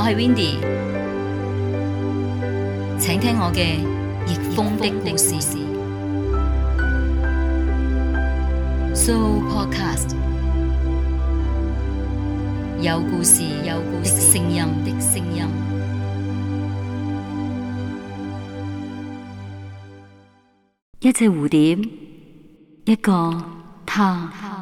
我係 Windy，請聽我嘅逆風的故事。So podcast 有故事有故事聲音的聲音，一隻蝴蝶，一個他。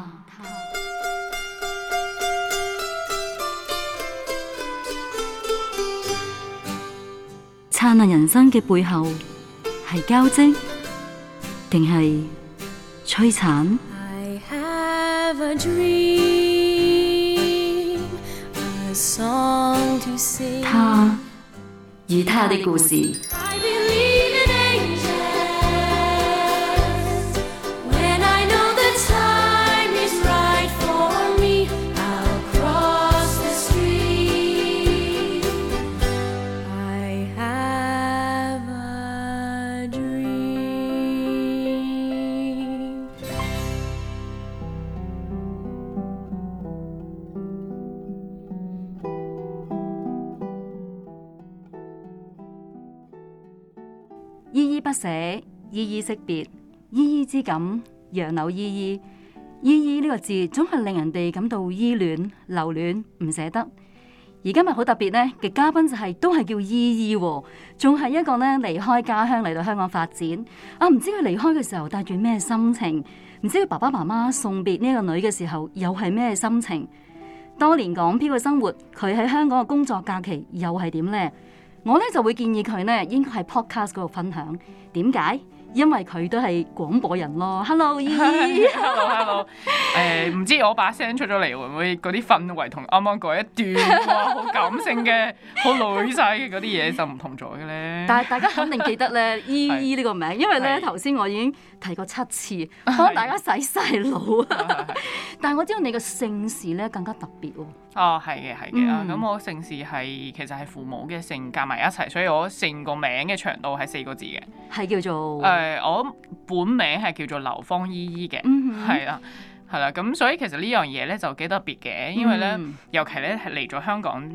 燦爛人生嘅背後，係交織定係摧殘？I have a dream, a song to sing, 他與他的故事。依依惜別，依依之感，楊柳依依，依依呢個字總係令人哋感到依戀、留戀、唔捨得。而今日好特別呢，嘅嘉賓就係、是、都係叫依依、哦，仲係一個呢離開家鄉嚟到香港發展。啊，唔知佢離開嘅時候帶住咩心情？唔知佢爸爸媽媽送別呢個女嘅時候又係咩心情？多年港漂嘅生活，佢喺香港嘅工作假期又係點呢？我呢就會建議佢呢應該喺 podcast 嗰度分享，點解？因為佢都係廣播人咯，Hello 姨姨。Hello Hello，誒唔知我把聲出咗嚟會唔會嗰啲氛圍同啱啱嗰一段好感性嘅、好女仔嘅嗰啲嘢就唔同咗嘅咧。但係大家肯定記得咧姨姨呢個名，因為咧頭先我已經提過七次，可能大家洗晒腦啊。的 但係我知道你嘅姓氏咧更加特別喎。哦，係嘅、啊，係嘅。咁、嗯啊、我姓氏係其實係父母嘅姓夾埋一齊，所以我姓個名嘅長度係四個字嘅，係 叫做。誒，我本名係叫做劉芳依依嘅，係啦、嗯，係啦，咁所以其實呢樣嘢咧就幾特別嘅，因為咧，嗯、尤其咧係嚟咗香港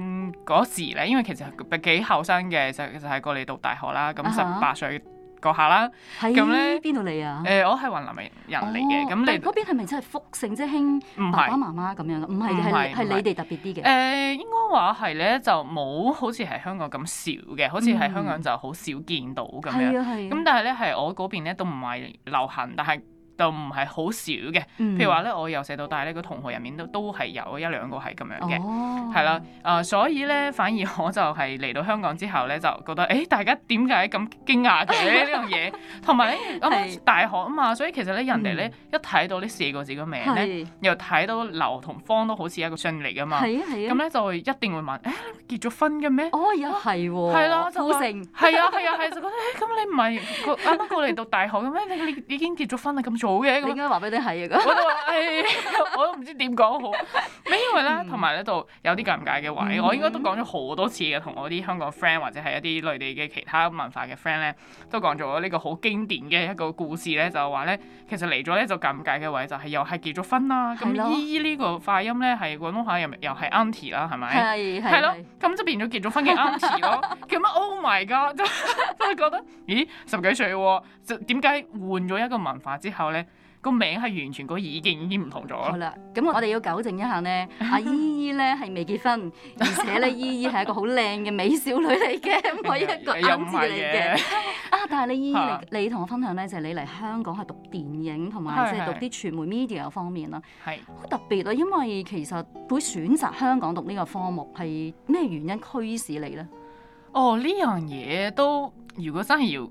嗰時咧，因為其實幾後生嘅，就就係過嚟讀大學啦，咁十八歲。啊個下啦，咁咧邊度嚟啊？誒、呃，我係雲南嘅人嚟嘅，咁、哦、你嗰邊係咪真係福盛之，兄是爸爸媽媽咁樣咯？唔係嘅，係你哋特別啲嘅。誒、呃，應該話係咧，就冇好似係香港咁少嘅，好似係香港就好少見到咁、嗯、樣。咁但係咧，係我嗰邊咧都唔係流行，但係。又唔係好少嘅，譬如話咧，我由細到大咧個同學入面都都係有一兩個係咁樣嘅，係啦，啊，所以咧反而我就係嚟到香港之後咧，就覺得誒，大家點解咁驚訝嘅呢樣嘢？同埋 是 大學啊嘛，所以其實咧人哋咧一睇到呢四個字嘅名咧，是 又睇到劉同方都好似一個姓嚟噶嘛，咁咧、啊啊、就一定會問誒、欸、結咗婚嘅咩？哦、喔，又係喎，係咯、啊，就係，係悟性 啊係啊係，就覺得咁你唔係啱啱過嚟讀大學嘅咩？你已經結咗婚啦，咁好嘅咁，點解話俾你係嘅、那個？ 我都話我都唔知點講好。咩因為咧，同埋呢度有啲尷尬嘅位，嗯、我應該都講咗好多次嘅。同我啲香港 friend 或者係一啲內地嘅其他文化嘅 friend 咧，都講咗呢個好經典嘅一個故事咧，就係話咧，其實嚟咗咧就尷尬嘅位就係又係結咗婚啦。咁的依姨呢個發音咧係廣東話又咪又係 Auntie 啦，係咪？係係。係咯，咁的就變咗結咗婚嘅 Auntie 咁啊，Oh my god！真 係覺得，咦，十幾歲喎、啊，點解換咗一個文化之後咧？個名係完全個意見已經唔同咗啦。好啦，咁我哋要糾正一下呢。阿姨姨咧係未結婚，而且咧姨姨係一個好靚嘅美少女嚟嘅，唔可以一個勾字嚟嘅。 啊！但係你姨姨， 你同我分享呢，就係、是、你嚟香港係讀電影同埋即係讀啲傳媒 media 方面啦。係好是特別咯，因為其實會選擇香港讀呢個科目係咩原因驅使你呢？哦，呢樣嘢都如果真係要。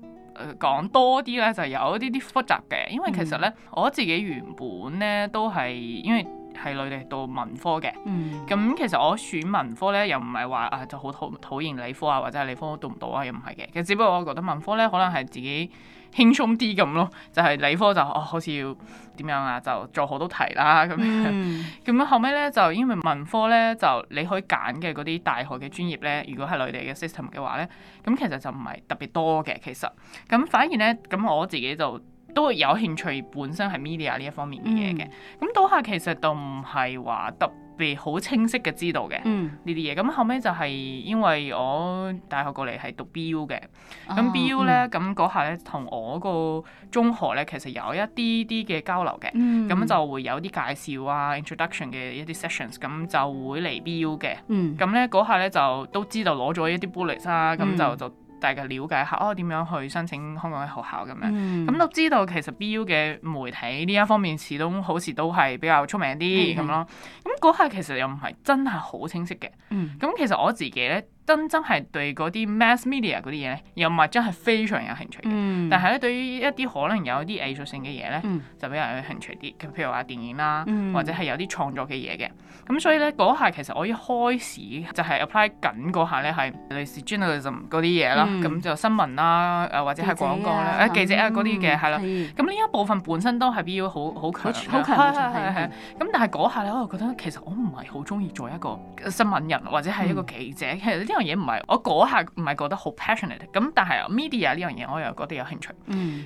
講多啲咧就有一啲啲複雜嘅，因為其實咧、嗯、我自己原本咧都係因為係女地讀文科嘅，咁、嗯、其實我選文科咧又唔係話啊就好討討厭理科啊，或者係理科讀唔到啊，又唔係嘅。其實只不過我覺得文科咧可能係自己。輕鬆啲咁咯，就係、是、理科就哦好似要點樣啊，就做好多題啦咁、嗯、樣。咁樣後尾咧就因為文科咧就你可以揀嘅嗰啲大學嘅專業咧，如果係內地嘅 system 嘅話咧，咁其實就唔係特別多嘅其實。咁反而咧，咁我自己就都會有興趣本身係 media 呢一方面嘅嘢嘅。咁倒、嗯、下其實都唔係話得。好清晰嘅知道嘅呢啲嘢，咁、嗯、後尾就係因為我大學過嚟係讀 BU 嘅，咁、啊、BU 咧，咁嗰下咧同我個中學咧其實有一啲啲嘅交流嘅，咁、嗯、就會有啲介紹啊，introduction 嘅一啲 sessions，咁就會嚟 BU 嘅，咁咧嗰下咧就都知道攞咗一啲 bullets 啦，咁就就。嗯大概了解下，哦點樣去申請香港嘅學校咁、嗯、樣。咁都知道其實 BU 嘅媒體呢一方面始終好似都係比較出名啲咁、嗯、咯。咁嗰下其實又唔係真係好清晰嘅。咁、嗯、其實我自己咧。真真係對嗰啲 mass media 嗰啲嘢咧，又唔係真係非常有興趣嘅。但係咧，對於一啲可能有啲藝術性嘅嘢咧，就比較有興趣啲。譬如話電影啦，或者係有啲創作嘅嘢嘅。咁所以咧，嗰下其實我一開始就係 apply 緊嗰下咧，係類似 journalism 嗰啲嘢啦。咁就新聞啦，或者係廣告咧，誒記者啊嗰啲嘅係啦。咁呢一部分本身都係要好好強。好強。係咁但係嗰下咧，我又覺得其實我唔係好中意做一個新聞人或者係一個記者呢樣嘢唔係我嗰下唔係覺得好 passionate，咁但係 media 呢樣嘢我又覺得有興趣，咁、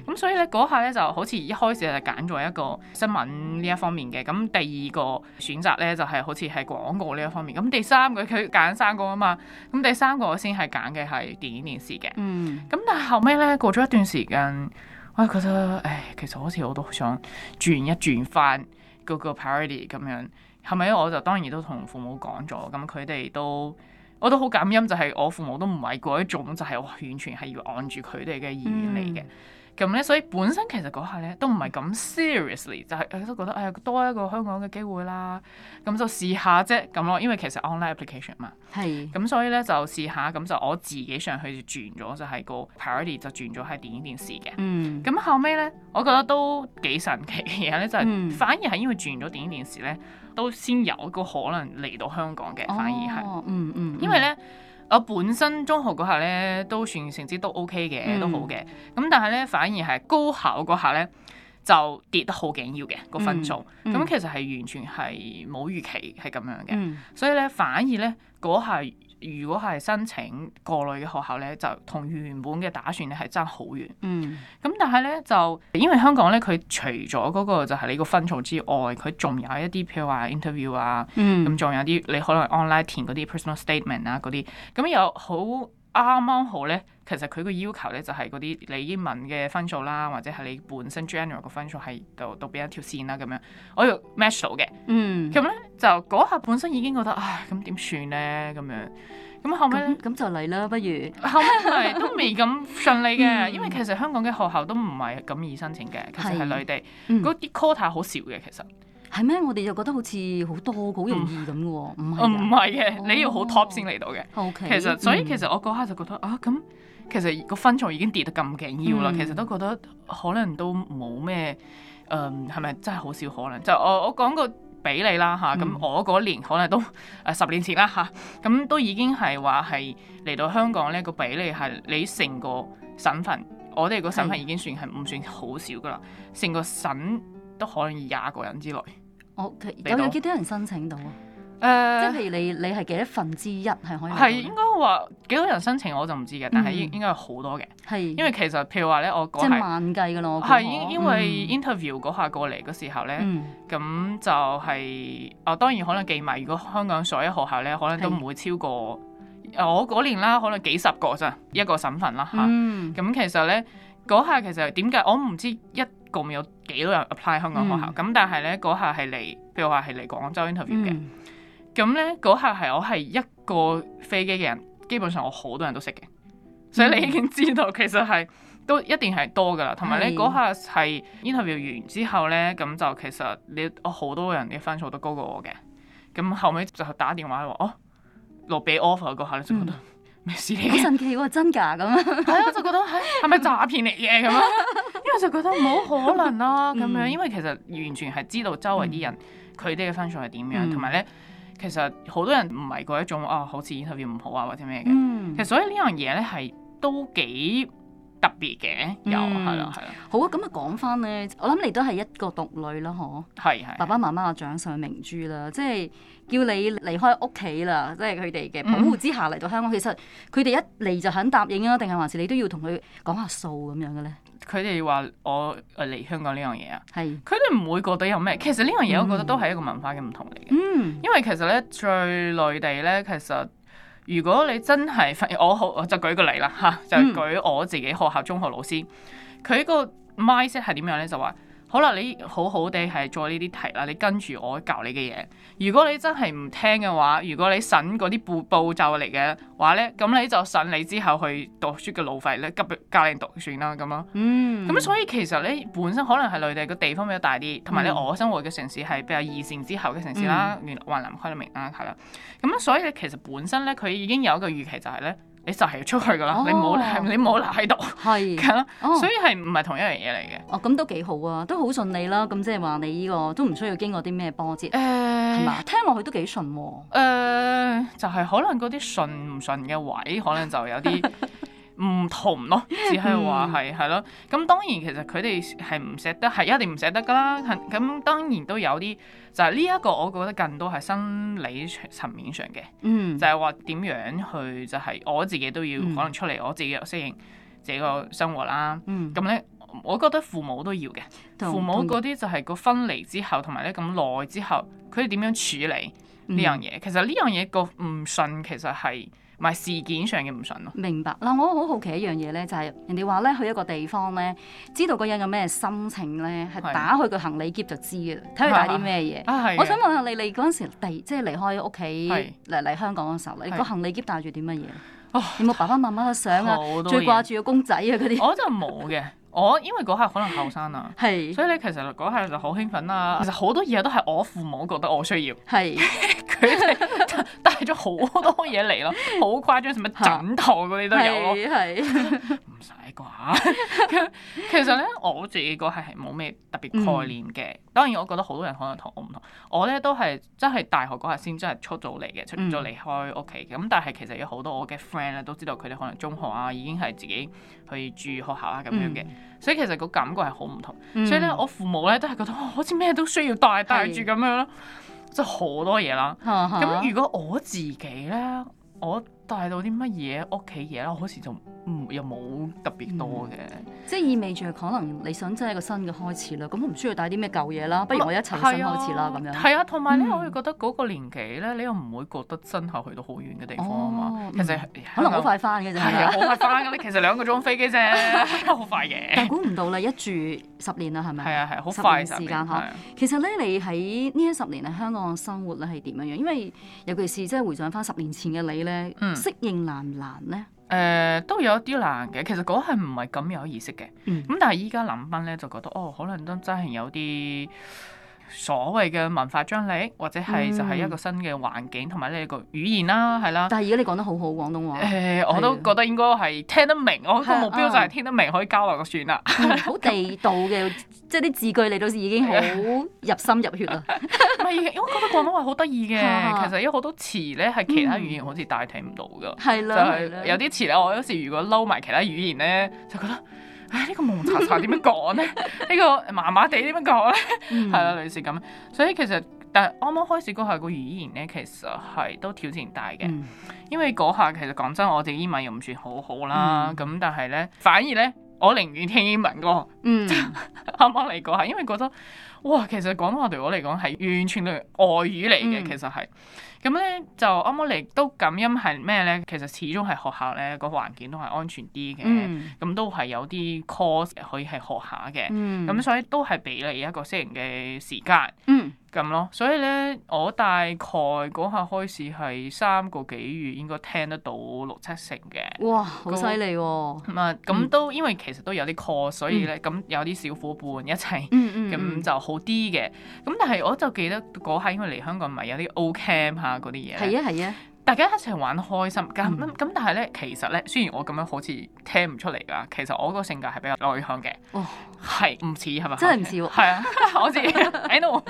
mm. 所以咧嗰下咧就好似一開始就揀咗一個新聞呢一方面嘅，咁第二個選擇咧就係、是、好似係廣告呢一方面，咁第三個佢揀三個啊嘛，咁第三個我先係揀嘅係電影電視嘅，咁、mm. 但係後尾咧過咗一段時間，我覺得誒其實好似我都好想轉一轉翻嗰個 parody 咁樣，後尾我就當然都同父母講咗，咁佢哋都。我都好感恩，就係、是、我父母都唔係嗰一種，就係我，完全係要按住佢哋嘅意願嚟嘅。嗯。咁咧，所以本身其實嗰下咧都唔係咁 seriously，就係都覺得誒多一個香港嘅機會啦，咁就試下啫咁咯。因為其實 online application 嘛，係是，咁所以咧就試下，咁就我自己上去轉咗，就係個 priority 就轉咗喺電影電視嘅。嗯，咁後尾咧，我覺得都幾神奇嘅嘢咧，就係、是、反而係因為轉咗電影電視咧，都先有個可能嚟到香港嘅，哦、反而係、嗯，嗯嗯，因為咧。我本身中學嗰下咧都算成績都 OK 嘅，嗯、都好嘅。咁但係咧反而係高考嗰下咧就跌得好緊要嘅、嗯、個分數。咁、嗯、其實係完全係冇預期係咁樣嘅，嗯、所以咧反而咧嗰下。如果係申請過類嘅學校咧，就同原本嘅打算咧係爭好遠。嗯，咁但係咧就因為香港咧，佢除咗嗰個就係你個分數之外，佢仲有一啲譬如話 interview 啊，咁仲、嗯、有啲你可能 online 填嗰啲 personal statement 啊嗰啲，咁又好啱啱好咧。其實佢個要求咧就係嗰啲你英文嘅分數啦，或者係你本身 general 嘅分數係到到邊一條線啦咁樣，我要 match 到嘅。嗯，咁咧就嗰下本身已經覺得唉，咁點算咧咁樣？咁後尾，咁就嚟啦，不如後尾嚟都未咁順利嘅，因為其實香港嘅學校都唔係咁易申請嘅，其實係內地嗰啲 quota 好少嘅，其實係咩？我哋就覺得好似好多好容易咁喎，唔係唔係嘅，你要好 top 先嚟到嘅。OK，其實所以其實我嗰下就覺得啊咁。其實個分數已經跌得咁緊要啦，嗯、其實都覺得可能都冇咩，嗯，係咪真係好少可能？就我我講個比例啦嚇，咁、嗯、我嗰年可能都誒、呃、十年前啦嚇，咁、啊、都已經係話係嚟到香港呢個比例係你成個省份，我哋個省份已經算係唔算好少噶啦，成的個省都可能廿個人之內。我咁、哦、多有幾多人申請到啊？誒，即係譬如你，你係幾多分之一係可以？係應該話幾多人申請，我就唔知嘅。但係應應該有好多嘅，係因為其實譬如話咧，我講萬計㗎咯，係因因為 interview 嗰下過嚟嗰時候咧，咁就係啊，當然可能記埋。如果香港所有學校咧，可能都唔會超過我嗰年啦，可能幾十個咋一個省份啦嚇。咁其實咧嗰下其實點解我唔知一共有幾多人 apply 香港學校？咁但係咧嗰下係嚟，譬如話係嚟廣州 interview 嘅。咁咧嗰下係我係一個飛機嘅人，基本上我好多人都識嘅，所以你已經知道其實係都一定係多噶啦。同埋咧嗰下係 interview 完之後咧，咁就其實你我好多人嘅分數都高過我嘅，咁後尾就打電話話哦落俾 offer 嗰下，你就覺得咩事嚟嘅？神奇喎，真假咁啊！係啊，就覺得嚇係咪詐騙嚟嘅咁啊？因為就覺得冇可能啦咁樣，因為其實完全係知道周圍啲人佢哋嘅分數係點樣，同埋咧。其實好多人唔係嗰一種啊，好似演戲唔好啊或者咩嘅。嗯、其實所以呢樣嘢咧係都幾特別嘅。有係啊係啊。嗯、好啊，咁啊講翻咧，我諗你都係一個獨女啦，嗬的。係係。爸爸媽媽嘅掌上明珠啦，即係叫你離開屋企啦，即係佢哋嘅保護之下嚟到香港。嗯、其實佢哋一嚟就肯答應啊，定係還是你都要同佢講下數咁樣嘅咧？佢哋話我嚟香港呢樣嘢啊，係佢哋唔會覺得有咩，其實呢樣嘢我覺得都係一個文化嘅唔同嚟嘅，嗯，因為其實咧最內地咧，其實如果你真係發，我好我就舉個例啦嚇，嗯、就舉我自己學校中學老師，佢個 mindset 係點樣咧就話。好啦，你好好地係做呢啲題啦，你跟住我教你嘅嘢。如果你真係唔聽嘅話，如果你審嗰啲步步驟嚟嘅話咧，咁你就審你之後去讀書嘅路費咧，急教令讀算啦，咁咯。嗯，咁所以其實咧，本身可能係內地個地方比較大啲，同埋你我生活嘅城市係比較二線之後嘅城市啦，嗯、原來雲雲南昆明啦，係啦。咁所以其實本身咧，佢已經有一個預期就係咧。你就係要出去噶啦、oh.，你冇係你冇留喺度，係、oh.，所以係唔係同一樣嘢嚟嘅？哦，咁都幾好啊，都好順利啦。咁即係話你呢個都唔需要經過啲咩波折，係嘛、uh,？聽落去都幾順喎。Uh, 就係可能嗰啲順唔順嘅位，可能就有啲。 唔同咯，只係話係係咯。咁、嗯、當然其實佢哋係唔捨得，係一定唔捨得噶啦。咁當然都有啲就係呢一個，我覺得更多係生理層面上嘅。嗯，就係話點樣去就係我自己都要、嗯、可能出嚟，我自己適應自己個生活啦。嗯，咁咧，我覺得父母都要嘅。懂父母嗰啲就係個分離之後，同埋咧咁耐之後，佢哋點樣處理呢樣嘢？嗯、其實呢樣嘢個唔信其實係。咪事件上嘅唔順咯。明白嗱，我好好奇一樣嘢咧，就係人哋話咧，去一個地方咧，知道個人有咩心情咧，係打佢個行李篋就知嘅，睇佢帶啲咩嘢。我想問下你嚟嗰陣時，第即係離開屋企嚟嚟香港嘅時候，你個行李篋帶住啲乜嘢？有冇爸爸媽媽嘅相啊？最掛住個公仔啊，嗰啲。我就冇嘅，我因為嗰下可能後生啊，係。所以咧其實嗰下就好興奮啦。其實好多嘢都係我父母覺得我需要。係。佢好多嘢嚟咯，好誇張，甚至枕頭嗰啲都有咯。唔使啩？其實咧，我自己個係冇咩特別概念嘅。嗯、當然，我覺得好多人可能同我唔同。我咧都係真係大學嗰下先真係出咗嚟嘅，出咗離開屋企嘅。咁、嗯、但係其實有好多我嘅 friend 咧，都知道佢哋可能中學啊已經係自己去住學校啊咁樣嘅。嗯、所以其實個感覺係好唔同。嗯、所以咧，我父母咧都係覺得、哦、好似咩都需要帶帶住咁樣咯。的即好多嘢啦，咁 如果我自己咧，我。帶到啲乜嘢屋企嘢啦？好似就唔又冇特別多嘅，即係意味住可能你想即係一個新嘅開始啦。咁我唔需要帶啲咩舊嘢啦，不如我一齊新開始啦咁樣。係啊，同埋咧，我哋覺得嗰個年期咧，你又唔會覺得真係去到好遠嘅地方啊嘛。其實可能好快翻嘅啫，好快翻嘅。你其實兩個鐘飛機啫，好快嘅。但估唔到啦，一住十年啦，係咪？係啊係，好快時間。其實咧，你喺呢一十年喺香港生活咧係點樣樣？因為尤其是即係回想翻十年前嘅你咧，適應難唔難咧？誒、呃，都有一啲難嘅。其實嗰係唔係咁有意識嘅。咁、嗯、但係依家諗翻咧，就覺得哦，可能都真係有啲。所謂嘅文化張力，或者係就係一個新嘅環境同埋呢一個語言啦，係啦。但係而家你講得好好廣東話。誒，我都覺得應該係聽得明。我個目標就係聽得明可以交流就算啦。好地道嘅，即係啲字句你都已經好入心入血啦。唔係，我覺得廣東話好得意嘅。其實有好多詞咧係其他語言好似代替唔到㗎。係啦。就係有啲詞咧，我有時如果嬲埋其他語言咧，就覺得。啊！呢、這個蒙查查點樣講咧？ 個呢個麻麻地點樣講咧？係啦、嗯 啊，類似咁。所以其實，但啱啱開始嗰下，那個語言咧，其實係都挑戰大嘅。嗯、因為嗰下其實講真，我哋英文又唔算好好啦。咁、嗯、但係咧，反而咧。我寧願聽英文歌，啱啱嚟講係，因為覺得哇，其實廣東話對我嚟講係完全係外語嚟嘅。嗯、其實係。咁咧就啱啱嚟都感恩係咩咧？其實始終係學校咧個環境都係安全啲嘅，咁、嗯嗯嗯、都係有啲 course 可以係學下嘅，咁所以都係俾你一個適應嘅時間。嗯咁咯，所以咧，我大概嗰下開始係三個幾月，應該聽得到六七成嘅。哇，好犀利喎！咁啊，咁都、嗯、因為其實都有啲 course，所以咧，咁、嗯、有啲小伙伴一齊，咁、嗯嗯嗯、就好啲嘅。咁但係我就記得嗰下因為嚟香港咪有啲 O Camp 啊嗰啲嘢，係啊係啊，啊大家一齊玩開心。咁咁但係咧、嗯，其實咧，雖然我咁樣好似聽唔出嚟㗎，其實我個性格係比較內向嘅。哦係唔似係嘛？真係唔似喎。係啊 道，我自己，喺度，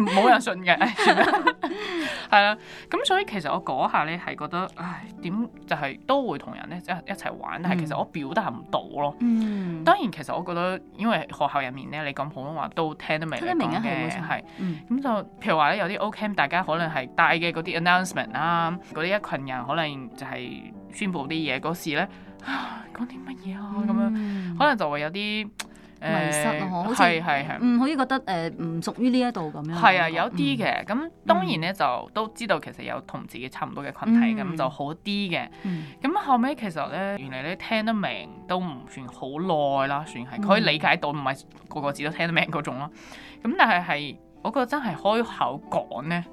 冇人信嘅。係啊， 咁所以其實我嗰下咧係覺得，唉，點就係都會同人咧一一齊玩，嗯、但係其實我表達唔到咯。嗯，當然其實我覺得，因為學校入面咧，你講普通話都聽得明。聽得明啊，係係的。咁就譬如話咧，有啲 OK，大家可能係帶嘅嗰啲 announcement 啊、嗯，嗰啲一群人可能就係宣布啲嘢嗰時咧。講啲乜嘢啊？咁、嗯、樣可能就會有啲、呃、迷失咯，好似係係係，嗯，好似覺得誒唔屬於呢一度咁樣。係啊，有啲嘅。咁當然咧就都知道，其實有同自己差唔多嘅群體，咁、嗯、就好啲嘅。咁、嗯、後尾其實咧，原嚟咧聽得明都唔算好耐啦，算係可以理解到，唔係個個字都聽得明嗰種咯。咁但係係嗰個真係開口講咧，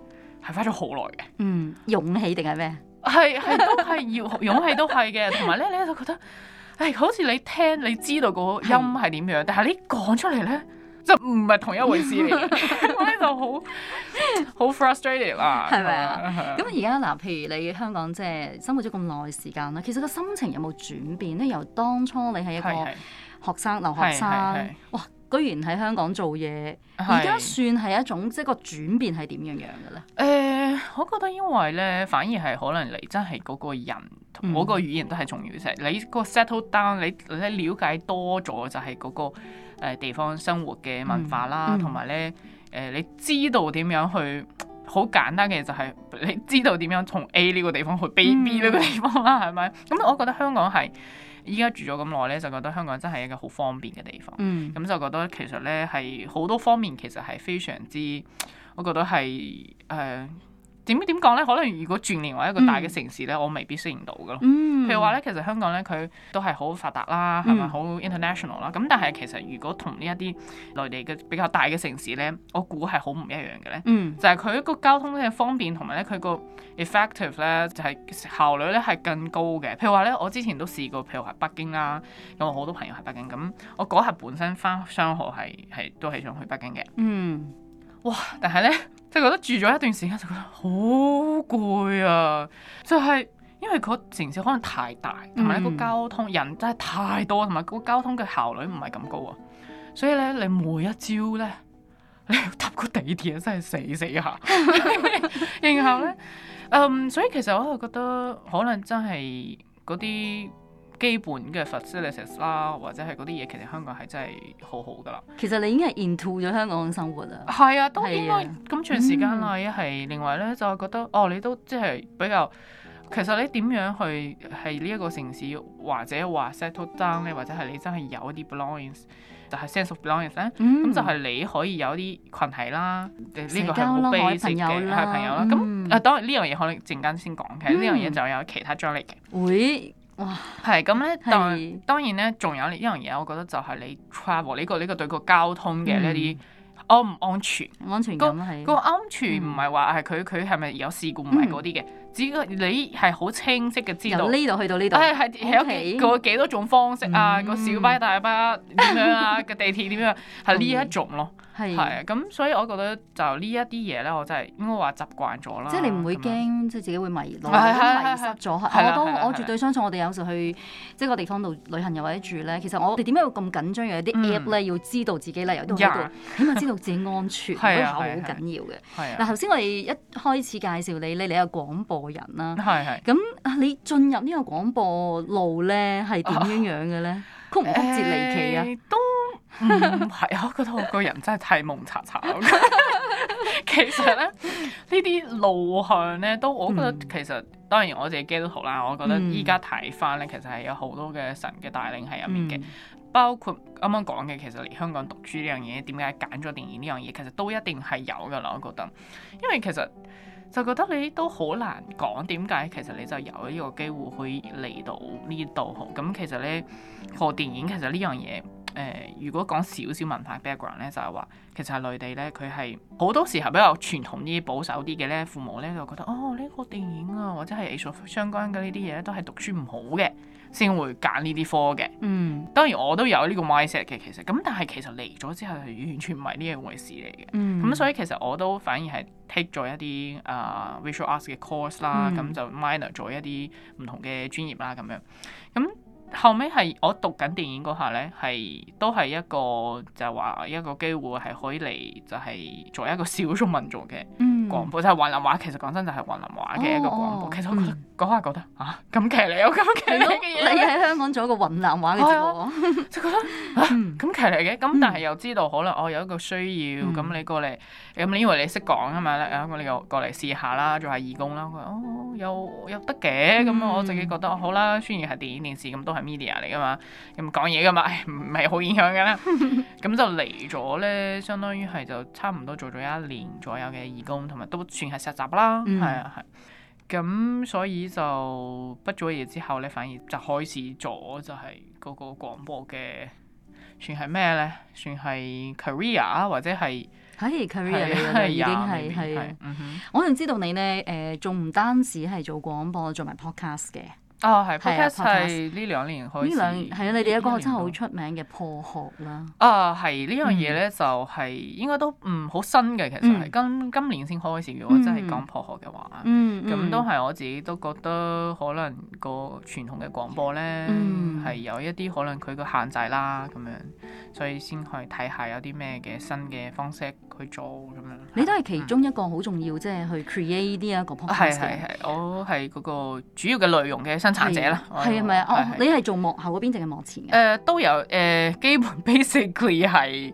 係花咗好耐嘅。嗯，勇氣定係咩？係係， 都係要勇氣都係嘅，同埋咧你就覺得，唉、哎，好似你聽你知道個音係點樣，的但係你講出嚟咧就唔係同一回事嚟嘅，我咧就好好 frustrated 啦，係咪吧啊？咁而家嗱，譬如你香港即係生活咗咁耐時間啦，其實個心情有冇轉變咧？由當初你係一個學生留的的學生，哇的！的居然喺香港做嘢，而家算係一種即係個轉變係點樣樣嘅咧？誒、呃，我覺得因為咧，反而係可能你真係嗰個人，嗰、嗯、個語言都係重要嘅。你個 settle down，你你瞭解多咗就係嗰、那個、呃、地方生活嘅文化啦，同埋咧誒，你知道點樣去好簡單嘅就係你知道點樣從 A 呢個地方去、嗯、B B 呢個地方啦，係咪、嗯？咁、 嗯、我覺得香港係。而家住咗咁耐咧，就覺得香港真係一個好方便嘅地方。咁、嗯、就覺得其實咧係好多方面，其實係非常之，我覺得係誒。呃點點講咧？可能如果轉年為一個大嘅城市咧，嗯、我未必適應到嘅咯。嗯、譬如話咧，其實香港咧，佢都係好發達啦，係咪好、嗯、international 啦？咁但係其實如果同呢一啲內地嘅比較大嘅城市咧，我估係好唔一樣嘅咧、嗯。就係佢一個交通嘅方便，同埋咧佢個 effective 咧，就係效率咧係更高嘅。譬如話咧，我之前都試過，譬如話北京啦，有好多朋友喺北京。咁我嗰日本身翻上海係係都係想去北京嘅。嗯。哇！但係咧，就覺得住咗一段時間就覺得好攰啊！就係、是、因為個城市可能太大，同埋個交通、嗯、人真係太多，同埋個交通嘅效率唔係咁高啊！所以咧，你每一朝咧，你要搭個地鐵真係死死下。 然後咧呢，嗯， um, 所以其實我就覺得可能真係嗰啲。基本嘅 f o 啦，或者係嗰啲嘢，其實香港係真係好好噶啦。其實你已經係 into 咗香港嘅生活啊。係啊，都應該咁長時間啦。一係另外咧，就係覺得哦，你都即係比較。其實你點樣去係呢一個城市，或者話 settle down 咧、嗯，或者係你真係有一啲 belongings，就係 sense of belongings 咧、嗯。咁就係你可以有啲群體啦。社交咯，好朋友啦。咁、嗯、啊，當然呢樣嘢可能陣間先講嘅，呢樣嘢就有其他章嚟嘅。會。說哦係，咁咧，但當然咧，仲有呢一樣嘢，我覺得就係你 travel 呢個呢個對個交通嘅呢啲安唔安全？安全係，個安全唔係話係佢佢係咪有事故，唔係嗰啲嘅，只要你係好清晰嘅知道呢度去到呢度，係係有幾幾多種方式啊，個小巴大巴點樣啊，個地鐵點樣，係呢一種咯。係，咁所以我覺得就呢一啲嘢咧，我真係應該話習慣咗啦。即係你唔會驚，即係自己會迷路，迷失咗係係，我都我絕對相信我哋有時去即係個地方度旅行又或者住咧，其實我哋點解會咁緊張？有啲 app 咧要知道自己咧，有啲喺度，起碼知道自己安全，咁係好緊要嘅。嗱，頭先我哋一開始介紹你，你你係廣播人啦，係係。咁你進入呢個廣播路咧，係點樣樣嘅咧？曲唔曲折離奇啊？欸、都唔係、嗯， 我覺得我個人真係太蒙查查啦 其實咧，呢啲路向咧，都我覺得、嗯、其實當然我自己都好啦。我覺得依家睇翻咧，其實係有好多嘅神嘅帶領喺入面嘅，嗯、包括啱啱講嘅，其實嚟香港讀書呢樣嘢，點解揀咗電影呢樣嘢？其實都一定係有噶啦，我覺得，因為其實。就覺得你都好難講點解，其實你就有呢個機會可以嚟到呢度。咁其實呢個電影其實呢樣嘢，誒如果講少少文化 background 呢就係話其實係內地呢，佢係好多時候比較傳統啲、保守啲嘅呢父母呢，就覺得哦呢個電影啊或者係藝術相關嘅呢啲嘢都係讀書唔好嘅，先會揀呢啲科嘅，嗯，當然我都有呢個 mindset 嘅，其實咁，但係其實嚟咗之後係完全唔係呢樣回事嚟嘅，嗯，咁所以其實我都反而係 take 咗一啲啊、uh, visual arts 嘅 course 啦、嗯，咁就 minor 咗一啲唔同嘅專業啦，咁樣，咁後尾係我讀緊電影嗰下咧，係都係一個就話一個機會係可以嚟就係做一個少數民族嘅，嗯廣播、嗯、就係、是、雲南話，其實講真就係雲南話嘅一個廣播。哦哦、其實我覺得講下、嗯、覺得嚇咁、啊、奇嚟，我咁奇咯。你喺香港做一個雲南話嘅節目，就覺得咁、啊、奇嚟嘅。咁但係又知道可能我有一個需要，咁、嗯、你過嚟咁你因為你識講啊嘛咧，咁你又過嚟試下啦，做下義工啦。佢哦又又得嘅，咁、嗯、我自己覺得好啦。雖然係電影電視咁都係 media 嚟噶嘛，咁唔講嘢噶嘛，唔係好影響嘅咧。咁、嗯、 就嚟咗咧，相當於係就差唔多做咗一年左右嘅義工同。都算係實習啦，係啊係，咁所以就畢咗業之後咧，反而就開始咗就係嗰個廣播嘅，算係咩咧？算係 career 啊，或者係喺 career 已經係係，是是嗯哼，我仲知道你咧，誒、呃，仲唔單止係做廣播，做埋 podcast 嘅。哦，係，破殼係呢兩年開始，呢兩年係啊，你哋一個真係好出名嘅破殼啦。啊，係呢樣嘢咧，就係應該都唔好新嘅，其實係今今年先開始。如果真係講破殼嘅話，咁都係我自己都覺得可能個傳統嘅廣播咧，係有一啲可能佢個限制啦咁樣，所以先去睇下有啲咩嘅新嘅方式去做咁樣。你都係其中一個好重要，即係去 create 啲一個破殼嘅。係係係，我係嗰個主要嘅內容嘅者啦，係啊，咪啊，你係做幕後嗰邊定係幕前嘅？誒，都有誒，基本 basically 係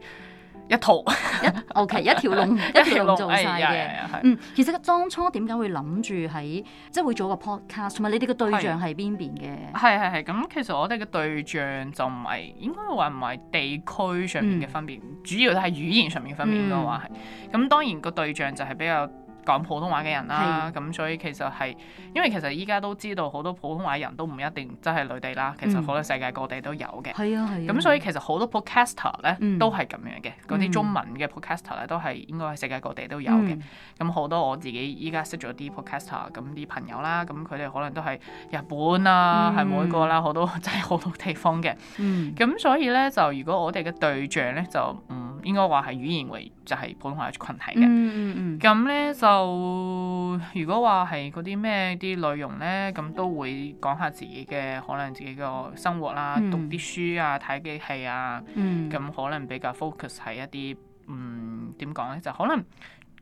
一套一 OK 一條龍一條龍做晒嘅。嗯，其實當初點解會諗住喺即係會做個 podcast？同埋你哋嘅對象係邊邊嘅？系系係。咁其實我哋嘅對象就唔係，應該話唔係地區上面嘅分別，主要係語言上面嘅分別應該話係。咁當然個對象就係比較。講普通話嘅人啦，咁所以其實係，因為其實依家都知道好多普通話人都唔一定真係內地啦，其實好多世界各地都有嘅。係啊，咁所以其實好多 podcaster 咧都係咁樣嘅，嗰啲中文嘅 podcaster 咧都係應該係世界各地都有嘅。咁好多我自己依家識咗啲 podcaster，咁啲朋友啦，咁佢哋可能都係日本啊，係美國啦，好多真係好多地方嘅。咁所以咧就，如果我哋嘅對象咧就唔應該話係語言為，就係普通話群體嘅。咁咧就。就如果話係啲咩啲內容咧，咁都會講下自己嘅可能自己個生活啦，嗯，讀啲書啊，睇嘅戲啊，嗯，咁可能比較 focus 係一啲，嗯，點講咧，就可能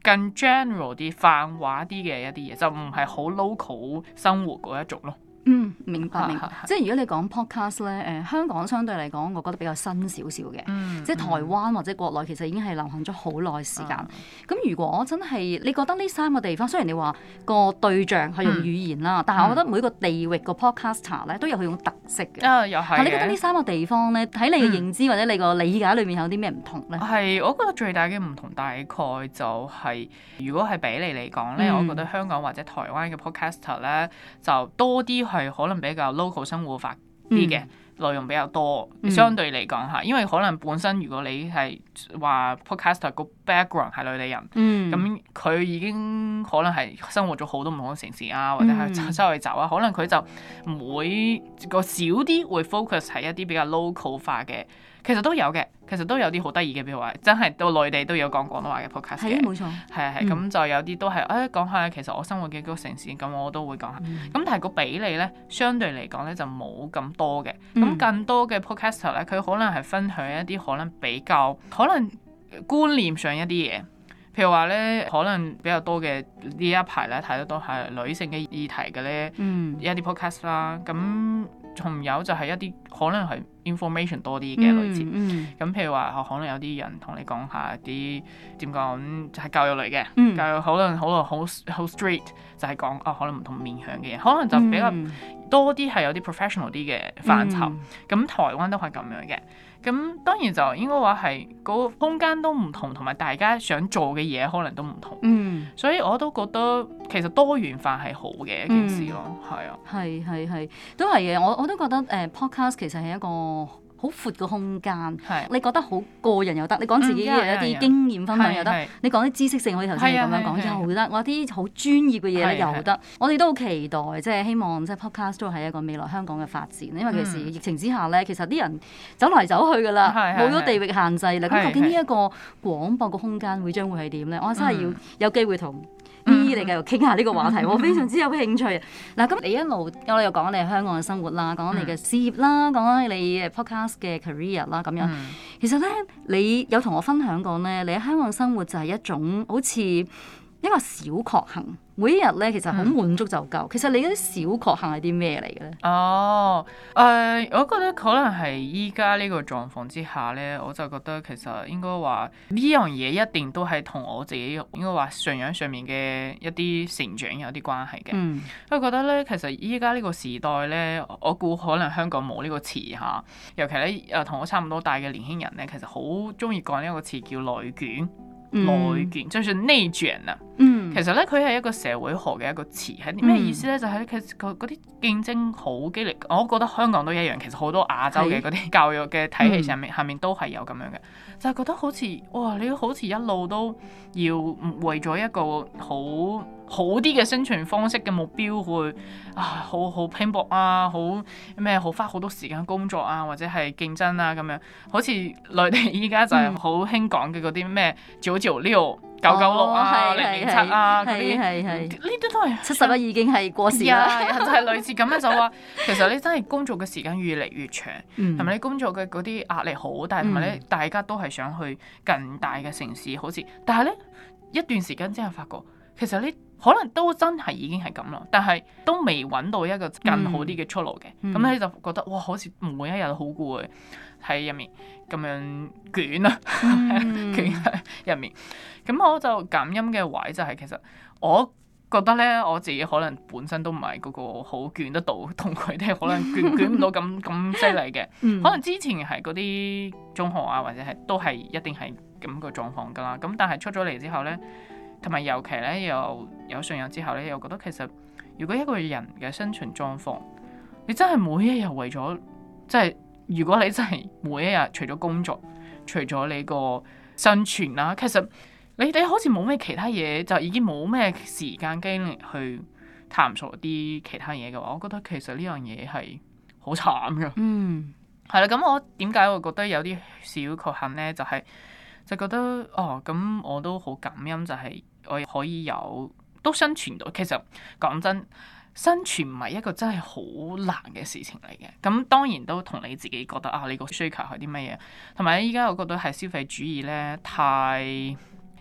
更 general 啲泛化啲嘅一啲嘢，就唔係好 local 生活一族咯。嗯，明白、明白。啊、即係如果你講 podcast 咧、呃，誒香港相對嚟講，我覺得比較新少少嘅，嗯、即係台灣或者國內其實已經係流行咗好耐時間。咁、啊、如果我真係你覺得呢三個地方，雖然你話個對象係用語言啦，嗯、但係我覺得每個地域個 podcast 咧都有佢種特色嘅。啊，又係你覺得呢三個地方咧，喺你嘅認知或者你個理解裏面有啲咩唔同咧？係、嗯嗯、我覺得最大嘅唔同大概就係、是、如果係比嚟嚟講咧，嗯、我覺得香港或者台灣嘅 podcast 咧就多啲。係可能比較 local 生活化啲嘅內容比較多，相對嚟講吓，嗯、因為可能本身如果你係話 podcast 個 background 係內地人，嗯，咁佢已經可能係生活咗好多唔同嘅城市啊，或者係周圍走啊，嗯、可能佢就每個少啲會 focus 喺一啲比較 local 化嘅，其實都有嘅。其實都有啲好得意嘅，譬如話，真係到內地都有講廣東話嘅 podcast 嘅，冇錯，係係咁，嗯、就有啲都係，誒、哎、講下其實我生活嘅嗰個城市，咁我都會講下。咁、嗯、但係個比例咧，相對嚟講咧就冇咁多嘅。咁、嗯、更多嘅 podcaster 咧，佢可能係分享一啲可能比較可能觀念上一啲嘢，譬如話咧，可能比較多嘅呢一排咧睇得多係女性嘅議題嘅咧，嗯，一啲 podcast 啦，咁。嗯仲有就係一啲可能係 information 多啲嘅類似，咁、嗯嗯、譬如話可能有啲人同你講下啲點講就係、是、教育類嘅教育，嗯、可能好咯好好 straight 就係講哦，可能唔同面向嘅嘢，可能就比較。嗯嗯多啲係有啲 professional 啲嘅範疇，咁、嗯、台灣都係咁樣嘅。咁當然就應該話係個空間都唔同，同埋大家想做嘅嘢可能都唔同。嗯，所以我都覺得其實多元化係好嘅一件事咯。係、嗯、啊，係係係，都係嘅。我我都覺得誒、呃、podcast 其實係一個。好闊個空間，的你覺得好個人又得，你講自己有一啲經驗分享又得，你講啲知識性，我哋頭先咁樣講又得，我啲好專業嘅嘢又得，的我哋都好期待，即係希望即係 Podcast 都係一個未來香港嘅發展，因為其實疫情之下咧，其實啲人走嚟走去噶啦，冇咗的地域限制啦，咁的究竟呢一個廣播嘅空間會將會係點咧？我真係要有機會同。B 嚟繼續傾下呢個話題，我非常之有興趣。嗱，咁你一路我哋又講你香港嘅生活啦，講你嘅事業啦，講你 podcast 嘅 career 啦，咁樣。其實咧，你有同我分享過咧，你喺香港生活就係一種好似。 一個小確幸，每一日咧其實好滿足就夠。嗯、其實你嗰啲小確幸係啲咩嚟嘅咧？哦，誒、呃，我覺得可能係依家呢個狀況之下咧，我就覺得其實應該話呢樣嘢一定都係同我自己應該話信仰上面嘅一啲成長有啲關係嘅。嗯，我覺得咧，其實依家呢個時代咧，我估可能香港冇呢個詞嚇，尤其咧誒同我差唔多大嘅年輕人咧，其實好中意講呢個詞叫內卷。內卷，嗯、就算內卷啊。嗯，其實咧，佢係一個社會學嘅一個詞，係咩意思咧？嗯、就係其實佢嗰啲競爭好激烈，我覺得香港都一樣。其實好多亞洲嘅嗰啲教育嘅體系上面，是下面都係有咁樣嘅，嗯、就係覺得好似哇，你好似一路都要為咗一個好。好啲嘅生存方式嘅目標會啊，好好拼搏啊，好咩好花好多時間工作啊，或者係競爭啊咁樣，好似內地依家就係好興講嘅嗰啲咩九九六、九九六啊、零零七啊嗰啲，呢啲都係七十一已經係過時啦，就係類似咁樣就話，其實你真係工作嘅時間越嚟越長，同埋你工作嘅嗰啲壓力好大，同埋咧大家都係想去更大嘅城市，好似，但係咧一段時間之後發覺。其實你可能都真係已經係咁啦，但係都未揾到一個更好啲嘅出路嘅，咁、嗯、你就覺得哇，好似每一日好攰喺入面咁樣捲啦，捲入、嗯、 面。咁我就感音嘅位就係、是、其實我覺得咧，我自己可能本身都唔係嗰個好捲得到，同佢哋可能捲捲唔到咁咁犀利嘅。可能之前係嗰啲中學啊，或者係都係一定係咁個狀況噶啦。咁但係出咗嚟之後咧。同埋尤其咧，有有信仰之後咧，又覺得其實如果一個人嘅生存狀況，你真係每一日為咗，即係如果你真係每一日除咗工作，除咗你個生存啦、啊，其實你哋好似冇咩其他嘢，就已經冇咩時間精力去探索啲其他嘢嘅話，我覺得其實呢樣嘢係好慘嘅。嗯，係啦，咁我點解我覺得有啲小確幸咧？就係、是、就覺得哦，咁我都好感恩，就係、是。我可以有都生存到，其實講真，生存唔係一個真係好難嘅事情嚟嘅。咁當然都同你自己覺得啊，你個需求係啲乜嘢，同埋咧，依家我覺得係消費主義呢，太，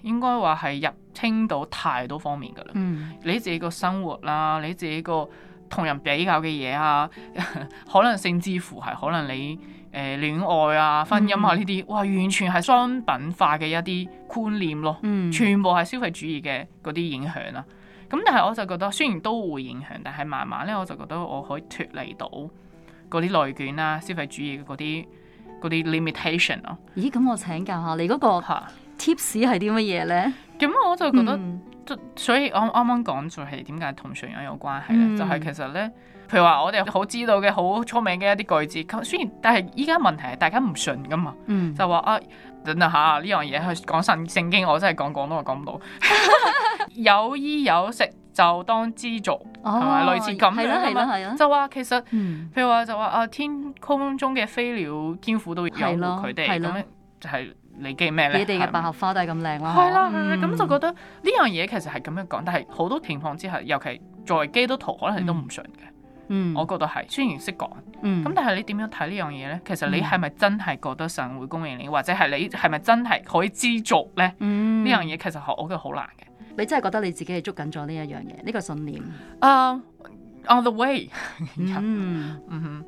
應該話係入侵到太多方面噶啦。嗯啊，你自己個生活啦，你自己個同人比較嘅嘢啊，可能性之乎係可能你。誒戀愛啊、婚姻啊呢啲，嗯、哇，完全係商品化嘅一啲觀念咯，嗯、全部係消費主義嘅嗰啲影響啦、啊。咁但係我就覺得，雖然都會影響，但係慢慢咧，我就覺得我可以脱離到嗰啲內卷啦、消費主義嘅嗰啲啲 limitation 咯、啊。咦？咁我請教下你嗰個 tips 係啲乜嘢咧？咁、啊、我就覺得，嗯、所以我啱啱講住係點解同上一代有關係咧？嗯、就係其實咧。譬如話我哋好知道嘅好出名嘅一啲句子，咁雖然但係依家問題係大家唔信噶嘛，嗯、就話啊等等吓呢樣嘢去講神聖經，我真係講廣東話講唔到。 有衣有食就當知足，係咪、哦、類似咁樣咯？就話其實譬如話就話啊天空中嘅飛鳥，天父都有佢哋，咁樣就係你記咩咧？你哋嘅百合花都係咁靚啦，係啦咁就覺得呢樣嘢其實係咁樣講，但係好多情況之下，尤其在基督徒可能都唔信嘅。嗯，我覺得係，雖然識講，咁、嗯、但係你點樣睇呢樣嘢咧？其實你係咪真係覺得社會公平呢？或者係你係咪真係可以知足咧？呢、嗯、樣嘢其實我覺得好難嘅。你真係覺得你自己係捉緊咗呢一樣嘢，呢、呢個信念。啊、uh，on the way 。嗯。 嗯哼。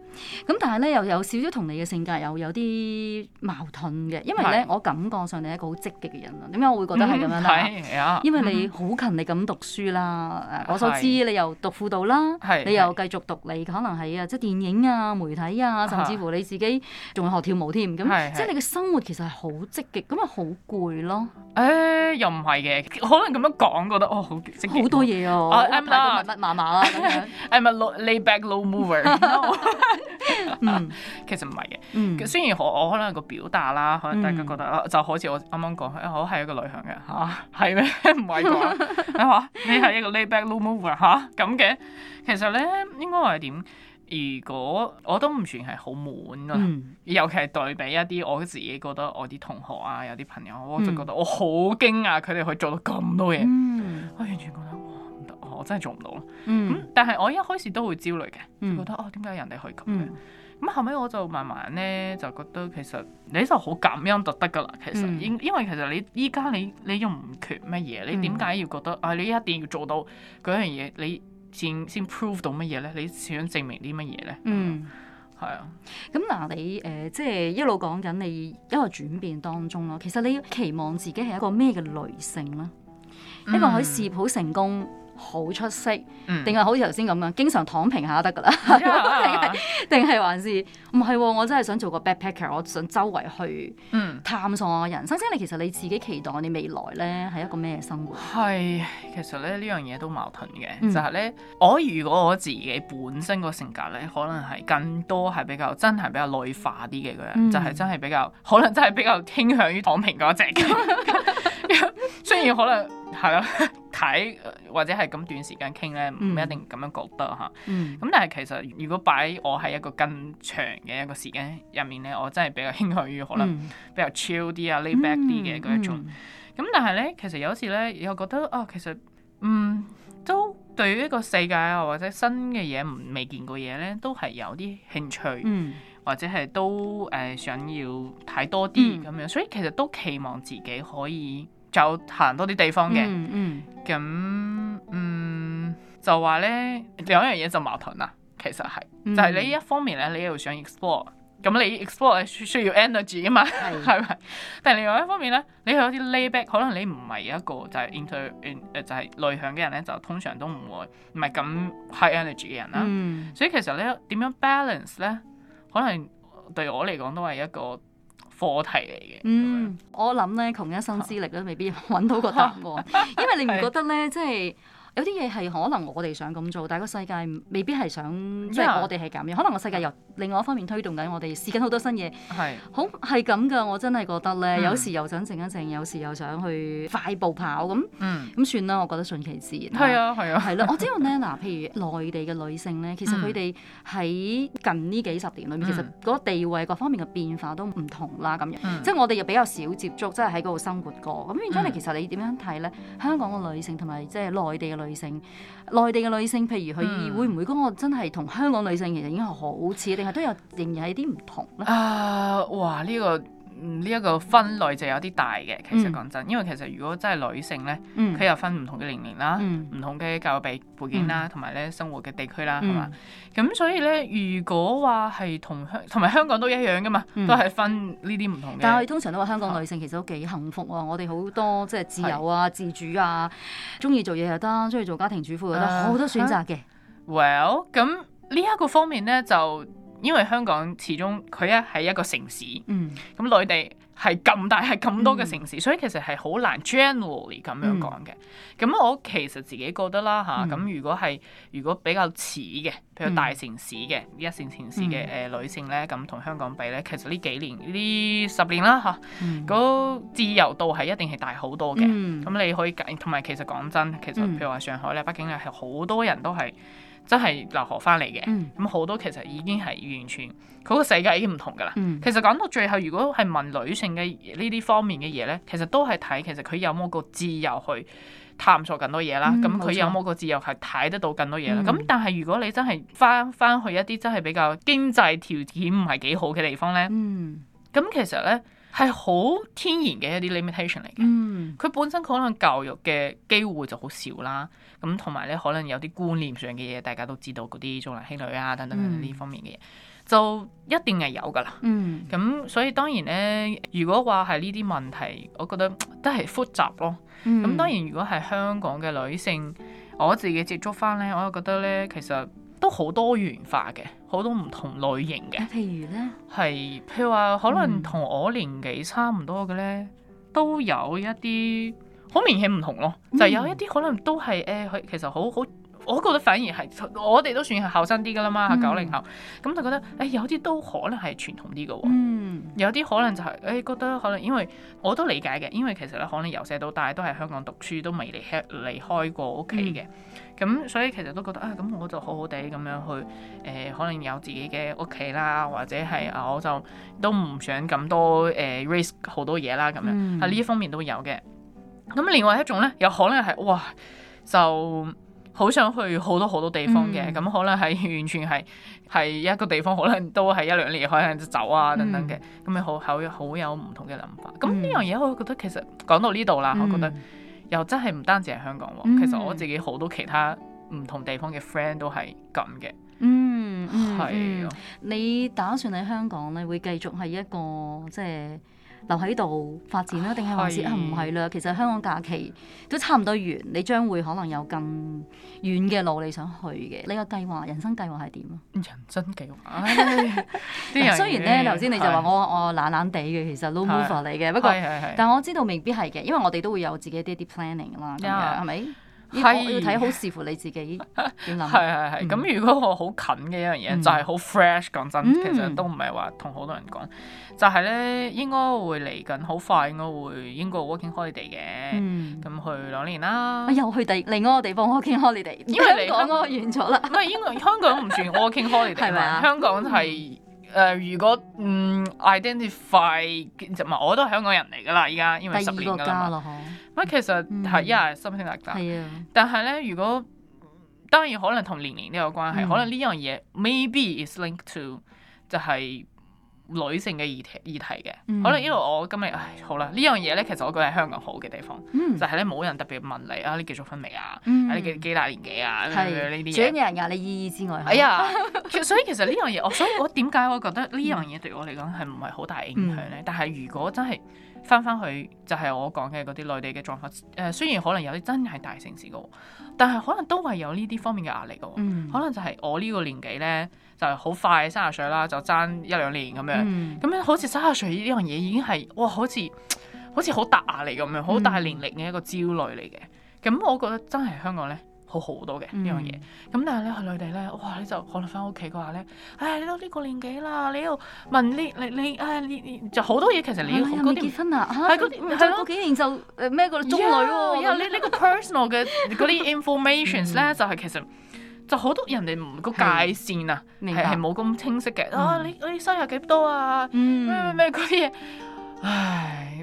咁但係咧又有少少同你嘅性格又有啲矛盾嘅，因為咧我感覺上你係一個好積極嘅人啊，點解我會覺得係咁樣咧？因為你好勤力咁讀書啦，我所知你又讀輔導啦，你又繼續讀你可能係啊，即係電影啊、媒體啊，甚至乎你自己仲學跳舞添，咁即係你嘅生活其實係好積極，咁咪好攰咯？誒，又唔係嘅，可能咁樣講覺得哦，好積極好多嘢哦。I'm a 乜麻麻啦咁樣。I'm a layback low mover 其實唔係嘅，嗯、雖然我我可能個表達啦，可能大家覺得、嗯、就好似我啱啱講，我係一個女向嘅。吓、啊，係咩？唔係咁， 你話你係一個 layback low mover 吓、啊、咁嘅？其實咧，應該話係點？如果我都唔算係好滿啊，嗯、尤其係對比一啲我自己覺得我啲同學啊，有啲朋友，我就覺得我好驚訝，佢哋可以做到咁多嘢。嗯、我完全覺得。我真係做唔到咯。咁、嗯，但係我一開始都會焦慮嘅，就覺得、嗯、哦，點解人哋可以咁樣咁？嗯、後尾我就慢慢咧就覺得，其實你就好感恩就得噶啦。其實、嗯、因因為其實你依家你你又唔缺乜嘢，你點解要覺得、嗯、啊？你一定要做到嗰樣嘢，你先先 prove 到乜嘢咧？你想證明啲乜嘢咧？嗯，係啊。咁嗱、啊，你誒，即、呃、係、就是、一路講緊你一個轉變當中咯。其實你期望自己係一個咩嘅女性咧？一個佢以事業成功。好出色，定係、嗯、好似頭先咁樣，經常躺平下得㗎喇，定係定係還是唔係、哦？我真係想做個 backpacker，我想周圍去探索我人生。星、嗯，你其實你自己期待你未來呢係一個咩生活？係，其實咧呢樣嘢都矛盾嘅，嗯、就係呢，我如果我自己本身個性格呢，可能係更多係比較真係比較內化啲嘅個人，嗯、就係真係比較可能真係比較傾向於躺平嗰隻。 雖然可能係啦睇或者係咁短時間傾咧，唔、嗯、一定咁樣覺得吓。咁、嗯、但係其實如果擺我喺一個更長嘅一個時間入面咧，嗯、我真係比較傾向於可能比較 chill 啲啊 lay back 啲嘅嗰一種。咁、嗯、但係咧，其實有時咧又覺得啊、哦，其實嗯，都對於一個世界啊或者新嘅嘢、唔未見過嘢咧，都係有啲興趣，嗯、或者係都誒、呃、想要睇多啲咁、嗯嗯、樣。所以其實都期望自己可以。有行多啲地方嘅、嗯，嗯，咁嗯就話咧，兩樣嘢就矛盾啦。其實係，嗯、就係你一方面咧，你又想 explore，咁你 explore 係需要 energy 啊嘛，係咪、嗯？但係另外一方面咧，你有啲 lay back，可能你唔係一個就係 inter 誒，就係內向嘅人咧，就通常都唔會唔係咁 high energy 嘅人啦。嗯、所以其實咧，點樣 balance 咧，可能對我嚟講都係一個。課題嚟嘅，嗯，對我諗咧窮一生之力都未必揾到個答案， 因為你唔覺得咧，即係。有啲嘢係可能我哋想咁做，但係個世界未必係想，即係我哋係咁樣。可能個世界由另外一方面推動緊，我哋試緊好多新嘢，好係咁噶。我真係覺得咧，有時又想靜一靜，有時又想去快步跑咁，咁算啦。我覺得順其自然。係啊，係啊，係咯。我知道咧，嗱，譬如內地嘅女性咧，其實佢哋喺近呢幾十年裏面，其實嗰個地位各方面嘅變化都唔同啦。咁樣，即係我哋又比較少接觸，即係喺嗰度生活過。咁變咗你其實你點樣睇咧？香港嘅女性同埋即係內地嘅女。女性，內地嘅女性，譬如佢、嗯、會唔會嗰個真係同香港女性其實已經係好似，定係都有仍然係啲唔同咧？啊！哇！呢個～呢一個分類就有啲大嘅，其實講真，因為其實如果真係女性咧，佢又分唔同嘅年齡啦，唔同嘅教育背背景啦，同埋咧生活嘅地區啦，係嘛？咁所以咧，如果話係同香同埋香港都一樣㗎嘛，都係分呢啲唔同嘅。但係通常都話香港女性其實都幾幸福喎，我哋好多即係自由啊、自主啊，中意做嘢又得，中意做家庭主婦又得，好多選擇嘅。Well，咁呢一個方面咧就。因為香港始終佢咧係一個城市，咁內、嗯、地係咁大係咁多嘅城市，嗯、所以其實係好難 generally 咁樣講嘅。咁、嗯、我其實自己覺得啦嚇，咁、嗯、如果係如果比較似嘅，譬如大城市嘅、嗯、一線城，城市嘅誒、呃、女性咧，咁同香港比咧，其實呢幾年呢十年啦嚇，嗰、嗯、自由度係一定係大好多嘅。咁、嗯、你可以同埋其實講真，其實譬如話上海咧、北京咧，係好多人都係。真係留學返嚟嘅，咁好、嗯嗯、多其實已經係完全嗰個世界已經唔同㗎喇。嗯、其實講到最後，如果係問女性嘅呢啲方面嘅嘢咧，其實都係睇其實佢有冇個自由去探索更多嘢啦。咁佢、嗯、有冇個自由係睇得到更多嘢啦？咁、嗯嗯、但係如果你真係返返去一啲真係比較經濟條件唔係幾好嘅地方咧，咁、嗯、其實咧係好天然嘅一啲 limitation 嚟嘅。佢、嗯、本身可能教育嘅機會就好少啦。咁同埋咧，可能有啲觀念上嘅嘢，大家都知道嗰啲重男輕女啊等等呢方面嘅嘢，嗯、就一定係有噶啦。咁、嗯、所以當然咧，如果話係呢啲問題，我覺得都係複雜咯。咁、嗯、當然，如果係香港嘅女性，我自己接觸翻咧，我又覺得咧，其實都好多元化嘅，好多唔同類型嘅。譬如咧，係譬如話，可能同我年紀差唔多嘅咧，都有一啲。好明顯唔同咯，就有一啲可能都係誒，佢、呃、其實好好，我覺得反而係我哋都算係後生啲㗎喇嘛，嗯、九零後，咁就覺得誒、欸、有啲都可能係傳統啲嘅喎，嗯、有啲可能就係、是、誒、欸、覺得可能因為我都理解嘅，因為其實咧可能由細到大都喺香港讀書，都未離開離開過屋企嘅，咁、嗯、所以其實都覺得啊，咁我就好好地咁樣去誒、呃，可能有自己嘅屋企啦，或者係啊，我就都唔想咁多誒、呃、risk 好多嘢啦，咁樣喺呢一方面都有嘅。咁另外一種咧，有可能係，哇，就好想去好多好多地方嘅，咁、嗯、可能係完全係係一個地方，可能都係一兩年開下就走啊等等嘅，咁你好好有唔同嘅諗法。咁呢、嗯、樣嘢，我覺得其實講到呢度啦，嗯、我覺得又真係唔單止係香港喎，嗯、其實我自己好多其他唔同地方嘅 friend 都係咁嘅。嗯，係啊。你打算喺香港咧，會繼續係一個即係？留喺度發展咧，定係話啊？唔係啦，其實香港假期都差唔多完，你將會可能有咁遠嘅路你想去嘅。你個計劃、人生計劃係點啊？人生計劃，雖然咧頭先你就話我是我，我懶懶地嘅，其實 no mover 嚟嘅，是不過但我知道未必係嘅，因為我哋都會有自己一啲啲 planning 嘅嘛 Yeah.，係咪？係，要睇好視乎你自己點諗。係係係，咁如果我好近嘅一樣嘢，嗯、就係好 fresh。講真，其實都唔係話同好多人講，嗯、就係咧應該會嚟緊，好快應該會英國 working holiday 嘅。咁、嗯、去兩年啦，又去第另外一個地方 working holiday 因。因為你港咯，完咗啦。因係英國，香港唔算 working holiday， 吧香港係。嗯誒、uh, 嗯，如果嗯 identify 就唔，我都係香港人嚟噶啦，而家因為十年噶嘛。咁其實係一係 something 係啊，但係咧，如果當然可能同年齡都有關係，嗯、可能呢樣嘢 maybe it's linked to 就係、是。女性嘅議題議題嘅，嗯、可能呢度我今日唉，好啦，呢樣嘢咧，其實我覺得係香港好嘅地方，嗯、就係咧冇人特別問你啊，你結咗婚未啊？你幾、啊嗯啊、你幾大年紀啊？係呢啲嘢，除咗有人壓你意義之外，係啊、哎呀， 所以其實呢樣嘢，我所以我點解我覺得呢樣嘢對我嚟講係唔係好大影響咧？嗯、但係如果真係翻翻去，就係、是、我講嘅嗰啲內地嘅狀況，誒，雖然可能有啲真係大城市㗎，但係可能都係有呢啲方面嘅壓力㗎，嗯、可能就係我呢個年紀咧。就係好快三十歲啦，就爭一兩年咁樣，咁樣好似三十歲呢樣嘢已經係哇，好似好似好大壓力咁樣，好大年齡嘅一個焦慮嚟嘅。咁我覺得真係香港咧好好多嘅呢樣嘢。咁但係你去內地咧，哇你就可能翻屋企嘅話咧，唉你都呢個年紀啦，你又問你你你唉你你就好多嘢其實你已經冇結婚啦，係嗰幾年就咩個中女喎，因為你呢個 personal 嘅嗰啲 informations 咧就係其實。就好多人哋唔個界線啊，你係冇咁清晰嘅啊。你你收入幾多啊？咩咩咩啲嘢，唉，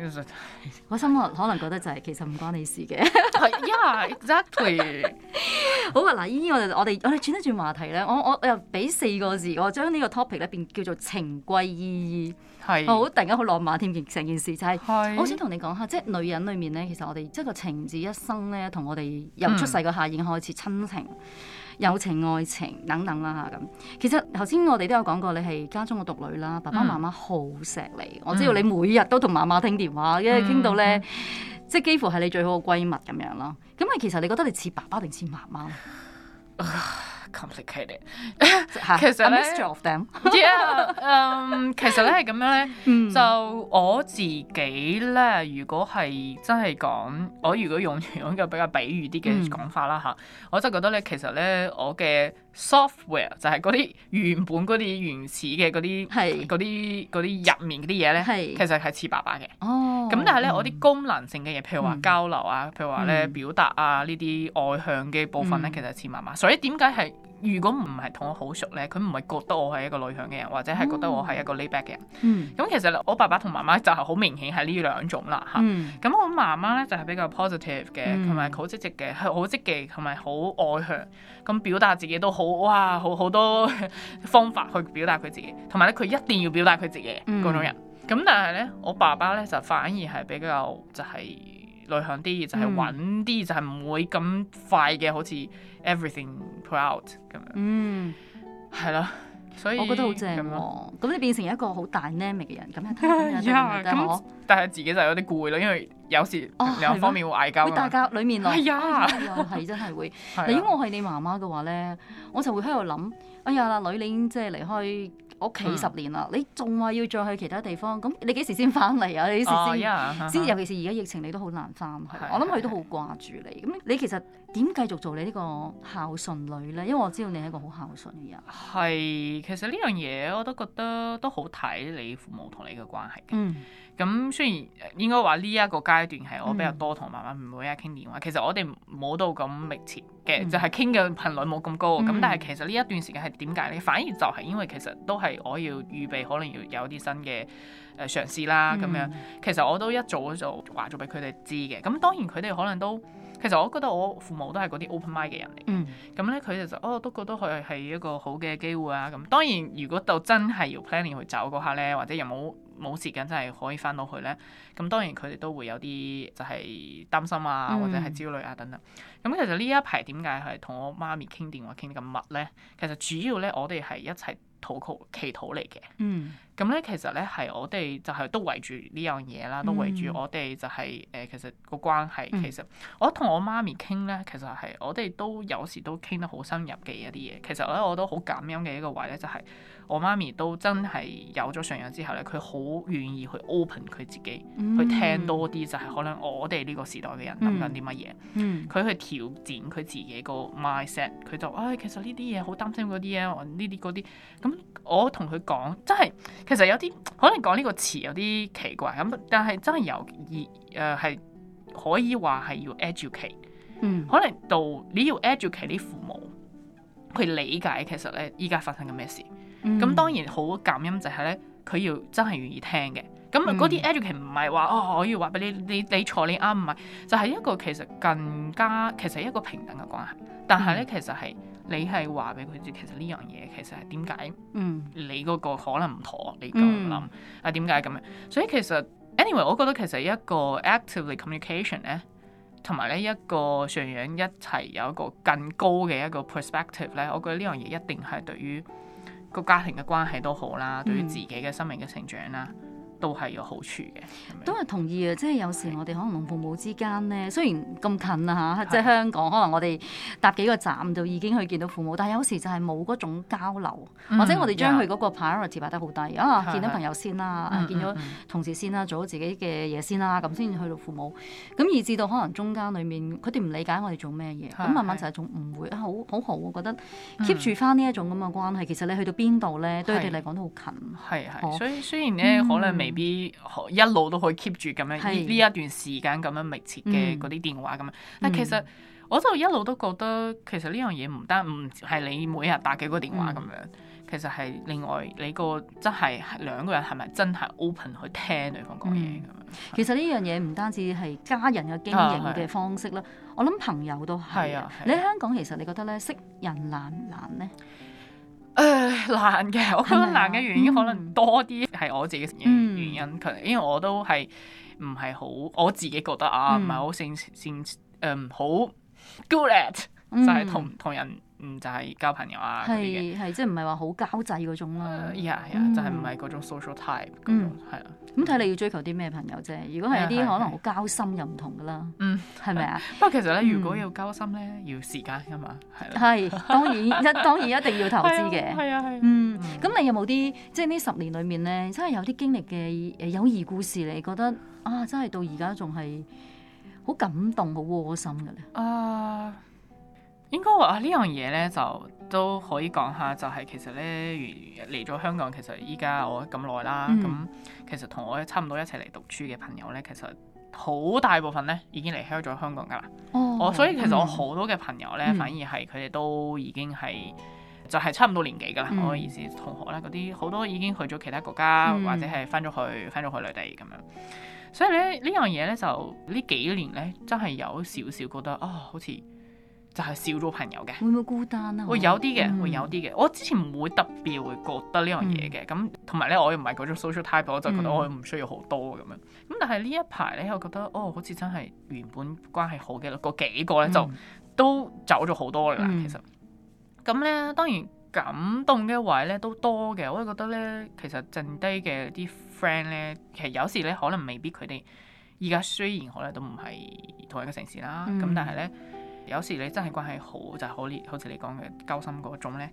我心可能覺得就係其實唔關你事嘅。係呀，exactly。好啊，嗱，依我哋我哋我哋轉一轉話題咧，我我我又俾四個字，我將呢個 topic 咧變叫做情歸意意，係好突然間好浪漫添，成件事就係我想同你講下，即係女人裏面咧，其實我哋即係個情字一生咧，同我哋由出世個下已經開始親情。友情、愛情等等啦嚇咁。其實頭先我哋都有講過，你係家中嘅獨女啦，爸爸媽媽好錫你。嗯、我知道你每日都同媽媽聽電話，嗯、因為傾到咧，嗯、即係幾乎係你最好嘅閨蜜咁樣咯。咁啊，其實你覺得你似爸爸定似媽媽咧？complicated， 其實咧呢，一嗯，其實咧係咁樣咧， 就我自己咧，如果係真係講，我如果用用個比較比喻啲嘅講法啦吓， 我就覺得咧，其實咧，我嘅 software 就係嗰啲原本嗰啲原始嘅嗰啲嗰啲啲入面嗰啲嘢咧，是其實係似爸爸嘅。哦、oh，咁但係咧，我啲功能性嘅嘢，譬如話交流啊，譬、嗯、如話咧表達啊呢啲外向嘅部分咧，其實似媽媽。嗯、所以點解係？如果唔係同我好熟咧，佢唔係覺得我係一個內向嘅人，或者係覺得我係一個 layback 嘅人。咁、嗯嗯、其實我爸爸同媽媽就係好明顯係呢兩種啦嚇。咁、嗯嗯、我媽媽咧就係比較 positive 嘅，同埋好積極嘅，係好積極同埋好外向，咁表達自己都好哇，好好多方法去表達佢自己，同埋咧佢一定要表達佢自己嗰、嗯、種人。咁但係咧，我爸爸咧就反而係比較就係內向啲，就係穩啲，就係、是、唔會咁快嘅好似。Everything pour out 咁樣，嗯，係咯，所以我覺得好正喎。咁你變成一個好大 name 嘅人，咁係啊，咁但係自己就有啲攰咯，因為有時兩方面會嗌交。大家裏面係啊，係真係會。如果我係你媽媽嘅話咧，我就會喺度諗，哎呀阿女，你已經即係離開屋企十年啦，嗯、你仲話要再去其他地方？咁你幾時先翻嚟啊？你幾時先先，oh, yeah, 尤其是而家疫情，你都好難翻去。 我諗佢都好掛住你。咁你其實點繼續做你呢個孝順女呢？因為我知道你係一個好孝順嘅人。係，其實呢樣嘢我都覺得都好睇你父母同你嘅關係嘅。嗯咁雖然應該話呢一個階段係我比較多同、嗯、媽媽、妹妹啊傾電話，其實我哋冇到咁密切嘅，嗯、就係傾嘅頻率冇咁高。咁、嗯、但係其實呢一段時間係點解咧？反而就係因為其實都係我要預備，可能要有啲新嘅誒嘗試啦。咁、嗯、樣其實我都一早就話咗俾佢哋知嘅。咁當然佢哋可能都其實我覺得我父母都係嗰啲 open mind 嘅人嚟。咁咧佢哋就哦都覺得佢係一個好嘅機會啊。咁當然如果到真係要 planning 去走嗰下咧，或者有冇？冇時間真係可以翻到去咧，咁當然佢哋都會有啲就係擔心啊，或者係焦慮啊等等。咁其實呢一排點解係同我媽咪傾電話傾得咁密咧？其實主要咧，我哋係一齊禱告祈禱嚟嘅。咁咧其實咧係我哋就係都圍住呢樣嘢啦，都圍住我哋就係誒其實個關係。其實我同我媽咪傾咧，其實係我哋都有時都傾得好深入嘅一啲嘢。其實咧我都好感恩嘅一個位咧，就係，就係。我媽咪都真係有咗上養之後咧，佢好願意去 open 佢自己，嗯、去聽多啲，就係可能我哋呢個時代嘅人諗緊啲乜嘢。佢、嗯嗯、去挑戰佢自己個 mindset，佢就唉、哎，其實呢啲嘢好擔心嗰啲咧，呢啲嗰啲。咁我同佢講，真係其實有啲可能講呢個詞有啲奇怪咁，但係真係有意誒，係、呃、可以話係要 educate、嗯、可能到你要 educate 你父母，去理解其實咧依家發生緊咩事。咁、嗯、當然好感恩就係咧，佢要真係願意聽嘅。咁嗰啲 educate 唔係話哦，我要話俾你，你你錯你啱唔係，就係、是、一個其實更加其實一個平等嘅關係。但係咧、嗯，其實係你係話俾佢知，其實呢樣嘢其實係點解？你嗰個可能唔妥，嗯、你咁諗啊？點解咁樣？所以其實 anyway，我覺得其實一個 actively communication 咧，同埋呢一個雙方一齊有一個更高嘅一個 perspective 咧，我覺得呢樣嘢一定係對於。個家庭嘅關係都好啦，嗯、對於自己嘅生命嘅成長啦，都係有好處嘅，都係同意嘅。即係有時我哋可能同父母之間咧，雖然咁近啊嚇，即係香港，可能我哋搭幾個站就已經去見到父母，但係有時就係冇嗰種交流，或者我哋將佢嗰個 priority 擺得好低啊，見到朋友先啦，見到同事先啦，做好自己嘅嘢先啦，咁先至去到父母，咁以至到可能中間裡面佢哋唔理解我哋做咩嘢，咁慢慢就係一種誤會啊，好好好，覺得 keep 住返呢一種咁嘅關係，其實你去到邊度咧，對我哋嚟講都好近。係所以雖然咧可能未。一路都可以 keep 住咁樣呢是一段時間咁樣密切嘅嗰啲電話咁樣，嗯、但其實我就一路都覺得，其實呢樣嘢唔單唔係你每日打幾個電話咁樣，嗯、其實係另外你個真係兩個人係咪真係 open 去聽對方講嘢咁樣？嗯、是其實呢樣嘢唔單止係家人嘅經營嘅方式啦，啊啊、我諗朋友都係啊。啊啊，你喺香港其實你覺得咧識人難唔難咧？誒、呃，難嘅，我覺得難嘅原因可能多啲，係我自己嘅原因，佢、嗯、因為我都係唔係好，我自己覺得啊，唔係好性，性，誒、呃，好 good at、嗯、就係同同人。就係交朋友啊，係係，即係唔係話好交際嗰種啦。係啊就係唔係嗰種 social type 咁啊。咁睇你要追求啲咩朋友啫？如果係啲可能好交心又唔同噶啦。嗯，係咪啊？不過其實咧，如果要交心咧，要時間啊嘛。係，當然一當然一定要投資嘅。係啊係。咁你有冇啲即係呢十年裏面咧，真係有啲經歷嘅友誼故事，你覺得啊，真係到而家仲係好感動、好窩心嘅咧？啊！應該話呢樣嘢咧，就都可以講下。就係、是、其實咧，嚟咗香港，其實依家我咁耐啦。咁、嗯、其實同我差唔多一齊嚟讀書嘅朋友咧，其實好大部分咧已經離開咗香港㗎喇。哦我，所以其實我好多嘅朋友咧，嗯、反而係佢哋都已經係就係、是、差唔多年紀㗎喇。嗯、我意思同學啦嗰啲，好多已經去咗其他國家，嗯、或者係返咗去返咗去內地咁樣。所以咧，呢樣嘢咧，就呢幾年咧，真係有少少覺得啊、哦，好似～就係少咗朋友嘅，會唔會孤單啊？會有啲嘅，嗯、會有啲嘅。我之前唔會特別會覺得樣、嗯、呢樣嘢嘅，咁同埋咧，我又唔係嗰種 social type，我就覺得我唔、嗯、需要好多咁樣。咁但係呢一排咧，我覺得哦，好似真係原本關係好嘅嗰幾個咧，嗯、就都走咗好多啦。嗯、其實咁咧，當然感動嘅位咧都多嘅。我覺得咧，其實剩低嘅啲 friend 咧，其實有時咧，可能未必佢哋而家雖然可能都唔係同一個城市啦，咁但係咧、嗯。有時你真係關係好就係好啲，好似你講嘅交心嗰種咧。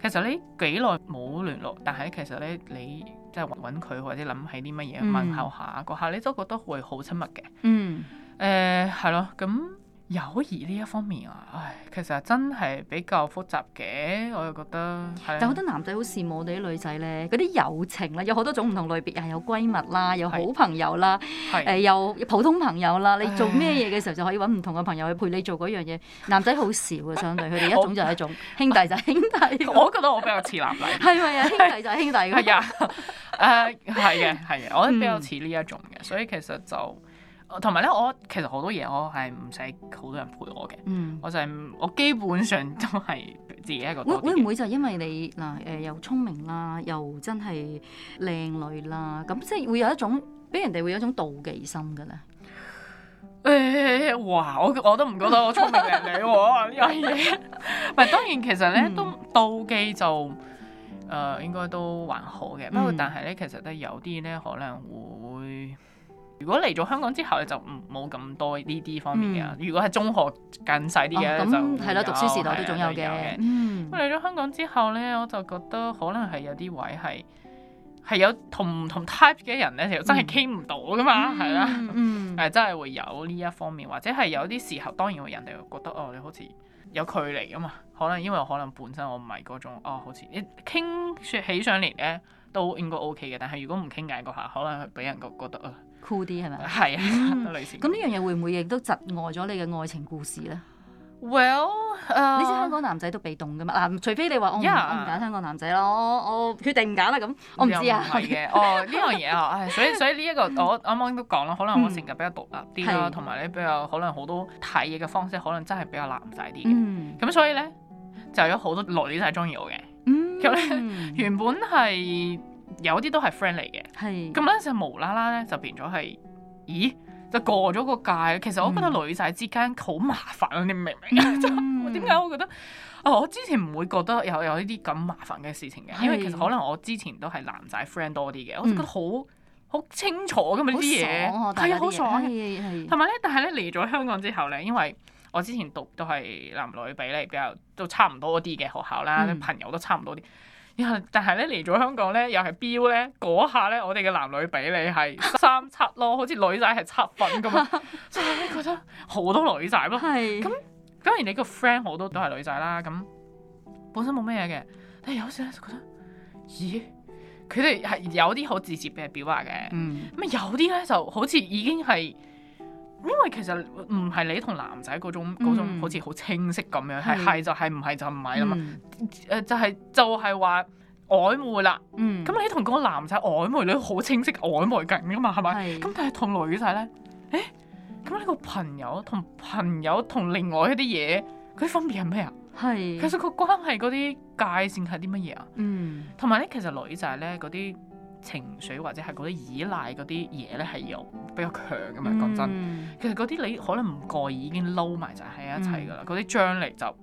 其實你幾耐冇聯絡，但係其實咧，你即係揾佢或者諗起啲乜嘢問候下嗰下，你都覺得會好親密嘅。嗯，誒係咯，咁。友誼呢一方面啊，唉，其實真係比較複雜嘅，我又覺得。啊、但好多男仔好羨慕我哋啲女仔咧，嗰啲友情啦，有好多種唔同類別，係有閨蜜啦，有好朋友啦，誒是，有、呃、普通朋友啦。你做咩嘢嘅時候就可以揾唔同嘅朋友去陪你做嗰樣嘢。啊、男仔好少啊，相對佢哋一種就係一種 我兄弟就係兄弟。 我覺得我比較似男仔。係咪 啊？兄弟就係兄弟。係啊，誒， 係嘅，係嘅，我覺得比較似呢一種嘅，所以其實就。同埋咧，我其實好多嘢我係唔使好多人陪我嘅，嗯、我就係、是、我基本上都係自己一個。會唔會就因為你嗱誒、呃呃、又聰明啦，又真係靚女啦，咁即係會有一種俾人哋會有一種妒忌心嘅咧？誒哇！我，我都唔覺得我聰明靚女喎，呢樣嘢。唔係 當然，其實咧都妒忌就誒、呃、應該都還好嘅，嗯、不過但係咧其實都有啲咧可能會。如果嚟咗香港之後，就唔冇咁多呢啲方面嘅。嗯、如果係中學近細啲嘅，哦嗯、就係咯讀書時代都總有嘅。嚟咗、嗯、香港之後咧，我就覺得可能係有啲位係係有同同 type 嘅人咧，就真係傾唔到噶嘛，係啦，係真係會有呢一方面，或者係有啲時候，當然會人哋會覺得哦，你好似有距離啊嘛。可能因為可能本身我唔係嗰種啊、哦，好似你傾説起上嚟咧都應該 O K 嘅。但係如果唔傾偈嗰下，可能俾人覺覺得啊。啊 cool 啲係咪？係啊、mm. 類似咁呢樣嘢會唔會亦都窒礙咗你嘅愛情故事咧？Well，、uh, 你知香港男仔都被動㗎嘛？嗱，除非你話我唔揀 Yeah. 香港男仔咯，我我決定唔揀啦咁，我唔知啊。唔係嘅， 哦呢樣嘢啊，唉， 所以所以呢一個我啱啱都講啦，可能我性格比較獨立啲啦，同埋咧比較可能好多睇嘢嘅方式可能真係比較男仔啲嘅。咁所以咧就有好多女仔中意我嘅。嗯，咁咧原本係。有啲都係 friend 嚟嘅，咁嗰陣時無啦啦咧就變咗係，咦就過咗個界。其實我覺得女仔之間好麻煩，你明唔明啊？點解、嗯、 我覺得、哦、我之前唔會覺得有有呢啲咁麻煩嘅事情嘅。是因為其實可能我之前都係男仔 friend 多啲嘅，我就覺得好好、嗯、清楚咁呢啲嘢，係、嗯、啊好爽嘅，同埋咧，但係咧嚟咗香港之後咧，因為我之前讀都係男女比例比較都差唔多啲嘅學校啦，嗯、朋友都差唔多啲。嗯但係咧嚟咗香港咧，又係標咧嗰下咧，我哋嘅男女比例係三,三七咯，好似女仔係七分㗎嘛，就係 覺得好多女仔咯，咁是當然你個 friend 好多都係女仔啦，咁本身冇咩嘢嘅，但係有時咧就覺得，咦，佢哋係有啲好直接嘅表白嘅，咁啊、嗯、有啲咧就好似已經係。因為其實唔係你同男仔嗰種、嗯、種好似好清晰咁樣，係係、嗯、就係唔係就唔係啦嘛。誒、呃，就係、是、就係話曖昧啦。嗯，咁你同個男仔曖昧，你好清晰曖昧緊噶嘛？係咪？咁是但係同女仔咧，誒、欸，咁你個朋友同朋友同另外一啲嘢，佢啲分別係咩啊？係是其實個關係嗰啲界線係啲乜嘢啊？嗯，同埋咧，其實女仔咧嗰啲。情緒或者係嗰啲依賴嗰啲嘢咧，係有比較強嘅嘛。講、嗯、真，其實嗰啲你可能唔覺已經撈埋就喺一齊嘅啦。嗰啲、嗯、將嚟就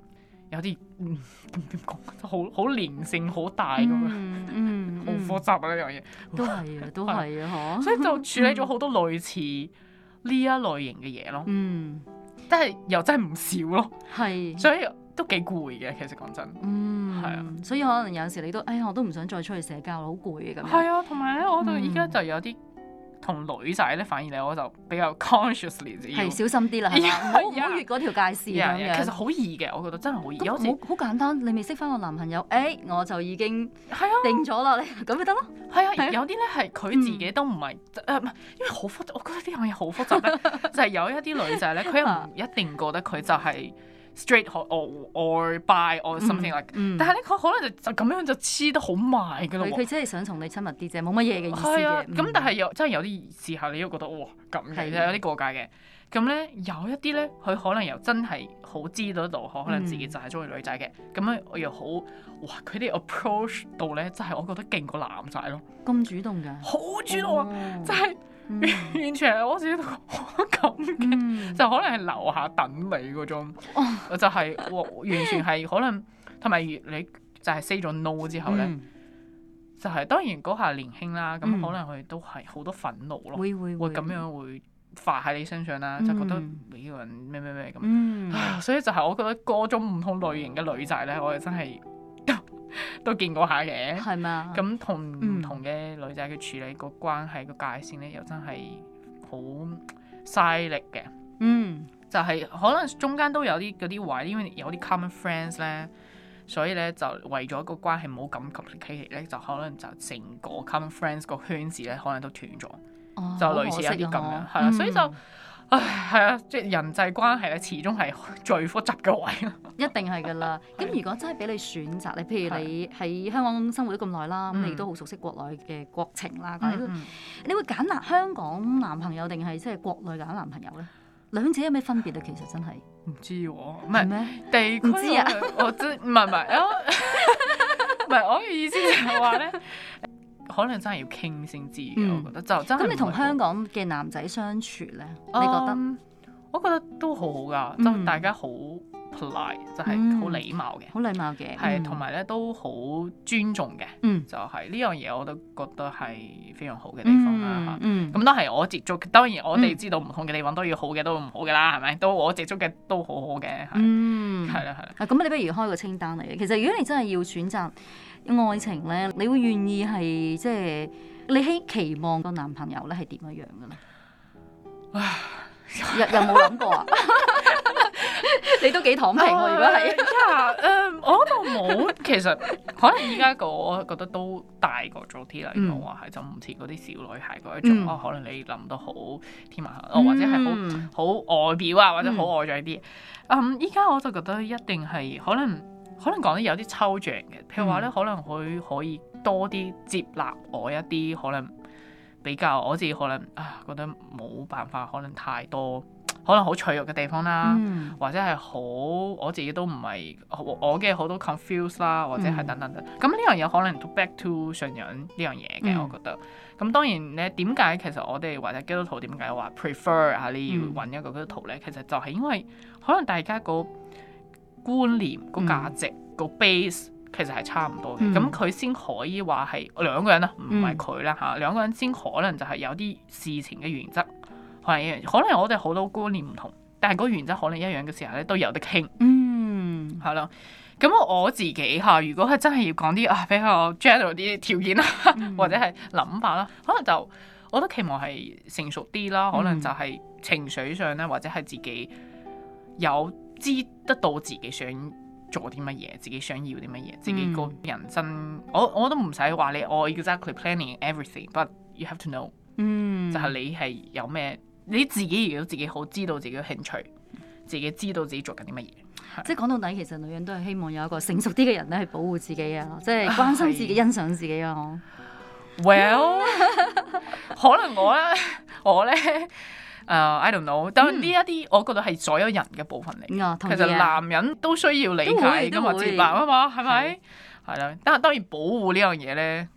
有啲唔點講，好好連性好大咁樣，好、嗯、複、嗯嗯嗯、 雜啊呢樣嘢。嗯嗯、 都係啊，都係啊，嚇！ 所以就處理咗好多類似呢一類型嘅嘢咯。嗯，但係又真係唔少咯。係的，所以。都幾攰嘅，其實講真，嗯，係啊，所以可能有時你都，哎呀，我都唔想再出去社交，好攰啊咁。係啊，同埋咧，我到而家就有啲同女仔咧，反而咧，我就比較 consciously 係小心啲啦，係啊，唔好越嗰條界線，其實好易嘅，我覺得真係好易，好好簡單。你未識翻個男朋友，哎，我就已經係啊定咗啦，你咁咪得咯。係啊，有啲咧係佢自己都唔係，誒唔係，因為好複雜。我覺得呢樣嘢好複雜咧，就係有一啲女仔咧，佢又唔一定覺得佢就係。Straight or or by or something like，mm, mm. 但係咧佢可能就就咁樣就黐得好埋，佢佢真係想同你親密啲啫，冇乜嘢嘅意思咁、啊嗯、但係又真係有啲時候你又覺得哇咁係有啲過界嘅。咁咧是的 有一啲咧佢可能又真係好知道到可能自己就係中意女仔嘅。咁樣、嗯、我又好哇佢啲 approach 到咧真係我覺得勁過男仔咯。咁主動㗎？好主動啊！真係。嗯、 完全係我自己好感激，嗯、就可能係樓下等你嗰種，哦、就係完全係可能，同埋你就係 say 咗 no 之後咧，嗯、就係當然嗰下年輕啦，咁可能佢都係好多憤怒咯，嗯、會咁樣會發喺你身上啦，會會會就覺得你呢個人咩咩咩咁，所以就係我覺得各種唔同類型嘅女仔咧，嗯、我係真係。 都見過下嘅，係咪啊？咁同唔同嘅女仔嘅處理個關係個界線咧，嗯、又真係好嘥力嘅。嗯，就係可能中間都有啲嗰啲壞，因為有啲 common friends 咧，所以咧就為咗個關係冇咁力。企嚟咧，就可能就成個 common friends 個圈子咧，可能都斷咗，哦、就類似有啲咁樣，係、哦、啊，所以就。嗯唉，係啊，即係人際關係咧，始終係最複雜嘅位。一定係噶啦。咁 是如果真係俾你選擇你譬如你喺香港生活咗咁耐啦，咁你，嗯、都好熟悉國內嘅國情啦。咁，嗯、你，你會揀男香港男朋友定係即係國內揀男朋友咧？兩者有咩分別咧？ 其實真係唔知唔係咩地區啊？唔知啊 我知唔係唔係唔係我嘅意思就係話咧。可能真係要傾先知，我覺得就真係。咁你同香港嘅男仔相處咧，你覺得？我覺得都好好噶，就大家好 polite，就係好禮貌嘅，好禮貌嘅，係同埋咧都好尊重嘅。就係呢樣嘢，我都覺得係非常好嘅地方啦。咁都係我接觸，當然我哋知道唔同嘅地方都要好嘅，都唔好嘅啦，係咪？都我接觸嘅都好好嘅，嗯，係啦，係。啊，咁你不如開個清單嚟。其實如果你真係要選擇。愛情咧，你會願意係即係你希期望個男朋友咧係點樣樣嘅咧？有有冇諗過啊？ 你都幾躺平喎、啊！如果係、uh, yeah, um, 我覺得冇， 其實可能依家個我覺得都大個咗啲啦，冇話係就唔似嗰啲小女孩嗰一種啊。嗯、可能你諗到好甜蜜，或、嗯、或者係好好外表啊，或者好外、um, 在啲。嗯，依家我就覺得一定係可能。可能講得有啲抽象嘅，譬如話咧，可能佢可，可以多啲接納我一啲，可能比較我自己可能啊覺得冇辦法，可能太多，可能好脆弱嘅地方啦，嗯、或者係好我自己都唔係我嘅好多 confuse 啦，或者係等等等。咁呢、嗯、樣有可能 to back to 信仰呢樣嘢嘅，嗯、我覺得。咁當然咧，點解其實我哋或者基督徒點解話 prefer 啊你要搵一個基督徒咧？嗯、其實就係因為可能大家個。觀念個價值，嗯、個 base 其實係差唔多嘅，咁佢先可以話係兩個人啦，唔係佢啦嚇，兩個人先可能就係有啲事情嘅原則可能一樣，可能我哋好多觀念唔同，但係個原則可能一樣嘅時候咧，都有得傾。嗯，係咯。咁我自己嚇，如果係真係要講啲啊比較 general 啲條件啦，嗯、或者係諗法啦，可能就我都期望係成熟啲啦，可能就係情緒上咧，或者係自己有。知得到自己想做啲乜嘢，自己想要啲乜嘢，mm. 自己個人生，我我都唔使話你，我 exactly planning everything，but you have to know，嗯，mm. 就係你係有咩，你自己如果自己好知道自己嘅興趣，自己知道自己做緊啲乜嘢，即係講到底，其實女人都係希望有一個成熟啲嘅人咧嚟保護自己啊， 即係關心自己、是欣賞自己啊。Well， 可能我咧，我咧。誒、uh,，I don't know、嗯。但呢一啲，我覺得係所有人嘅部分嚟。哦啊、其實男人都需要理解㗎嘛，自白啊嘛，係咪？係啦，但係當然保護呢樣嘢咧。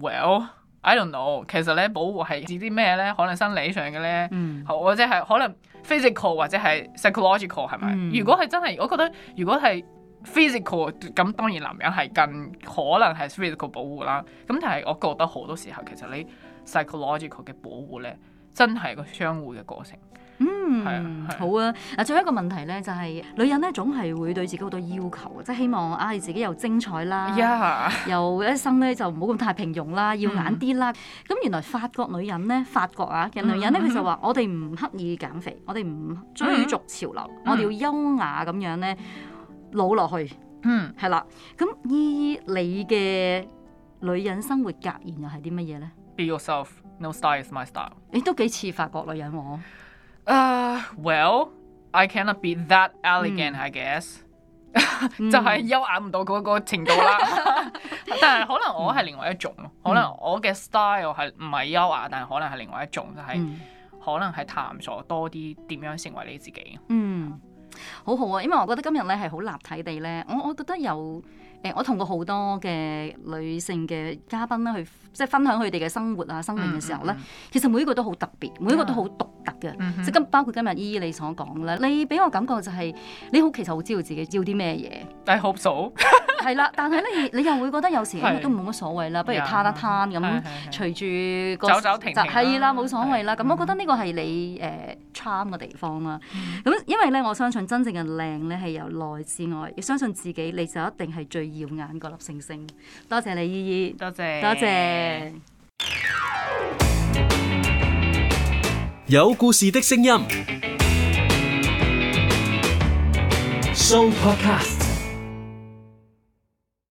Well，I don't know。其實咧，保護係指啲咩咧？可能生理上嘅咧，嗯、或者係可能 physical 或者係 psychological 係咪？嗯、如果係真係，我覺得如果係 physical，咁當然男人係更可能係 physical 保護啦。咁但係我覺得好多時候，其實你 psychological 嘅保護咧。真係個相互嘅過程。嗯，係啊，好啊。嗱，最後一個問題咧，就係、是、女人咧，總係會對自己好多要求，即、就、係、是、希望啊，自己又精彩啦，Yeah. 又一生咧就唔好咁太平庸啦，耀眼啲啦。咁、嗯、原來法國女人咧，法國啊，嘅女人咧，佢、嗯、就話：我哋唔刻意減肥，嗯、我哋唔追逐潮流，嗯、我哋要優雅咁樣咧老落去。嗯，係啦。咁依依，你嘅女人生活格言又係啲乜嘢咧？Be yourself. No style is my style。你都幾似法國女人喎？w e l l I cannot be that elegant，I、嗯、guess。 就係優雅唔到嗰個程度啦。 但係可能我係另外一種咯，嗯、可能我嘅 style 係唔係優雅，但係可能係另外一種，就係、是、可能係探索多啲點樣成為你自己。嗯，好好啊，因為我覺得今日咧係好立體地咧，我我覺得有。誒，我同過好多嘅女性嘅嘉賓啦，去即係分享佢哋嘅生活啊、生命嘅時候咧，mm hmm. 其實每一個都好特別，每一個都好獨特嘅。即今、mm hmm. 包括今日依依你所講咧，你俾我感覺就係、是、你好，其實好知道自己要啲咩嘢。I hope 係啦，但係咧，你又會覺得有時都冇乜所謂啦，的不如攤一攤咁，隨住、個走走停停係、啊、啦，冇所謂啦。咁的我覺得呢個係你誒、uh, charm 嘅地方啦。咁、嗯、因為咧，我相信真正嘅靚咧係由內至外，相信自己你就一定係最耀眼嗰粒星星。多謝你，姨姨，多謝，多謝。有故事的聲音 s o、so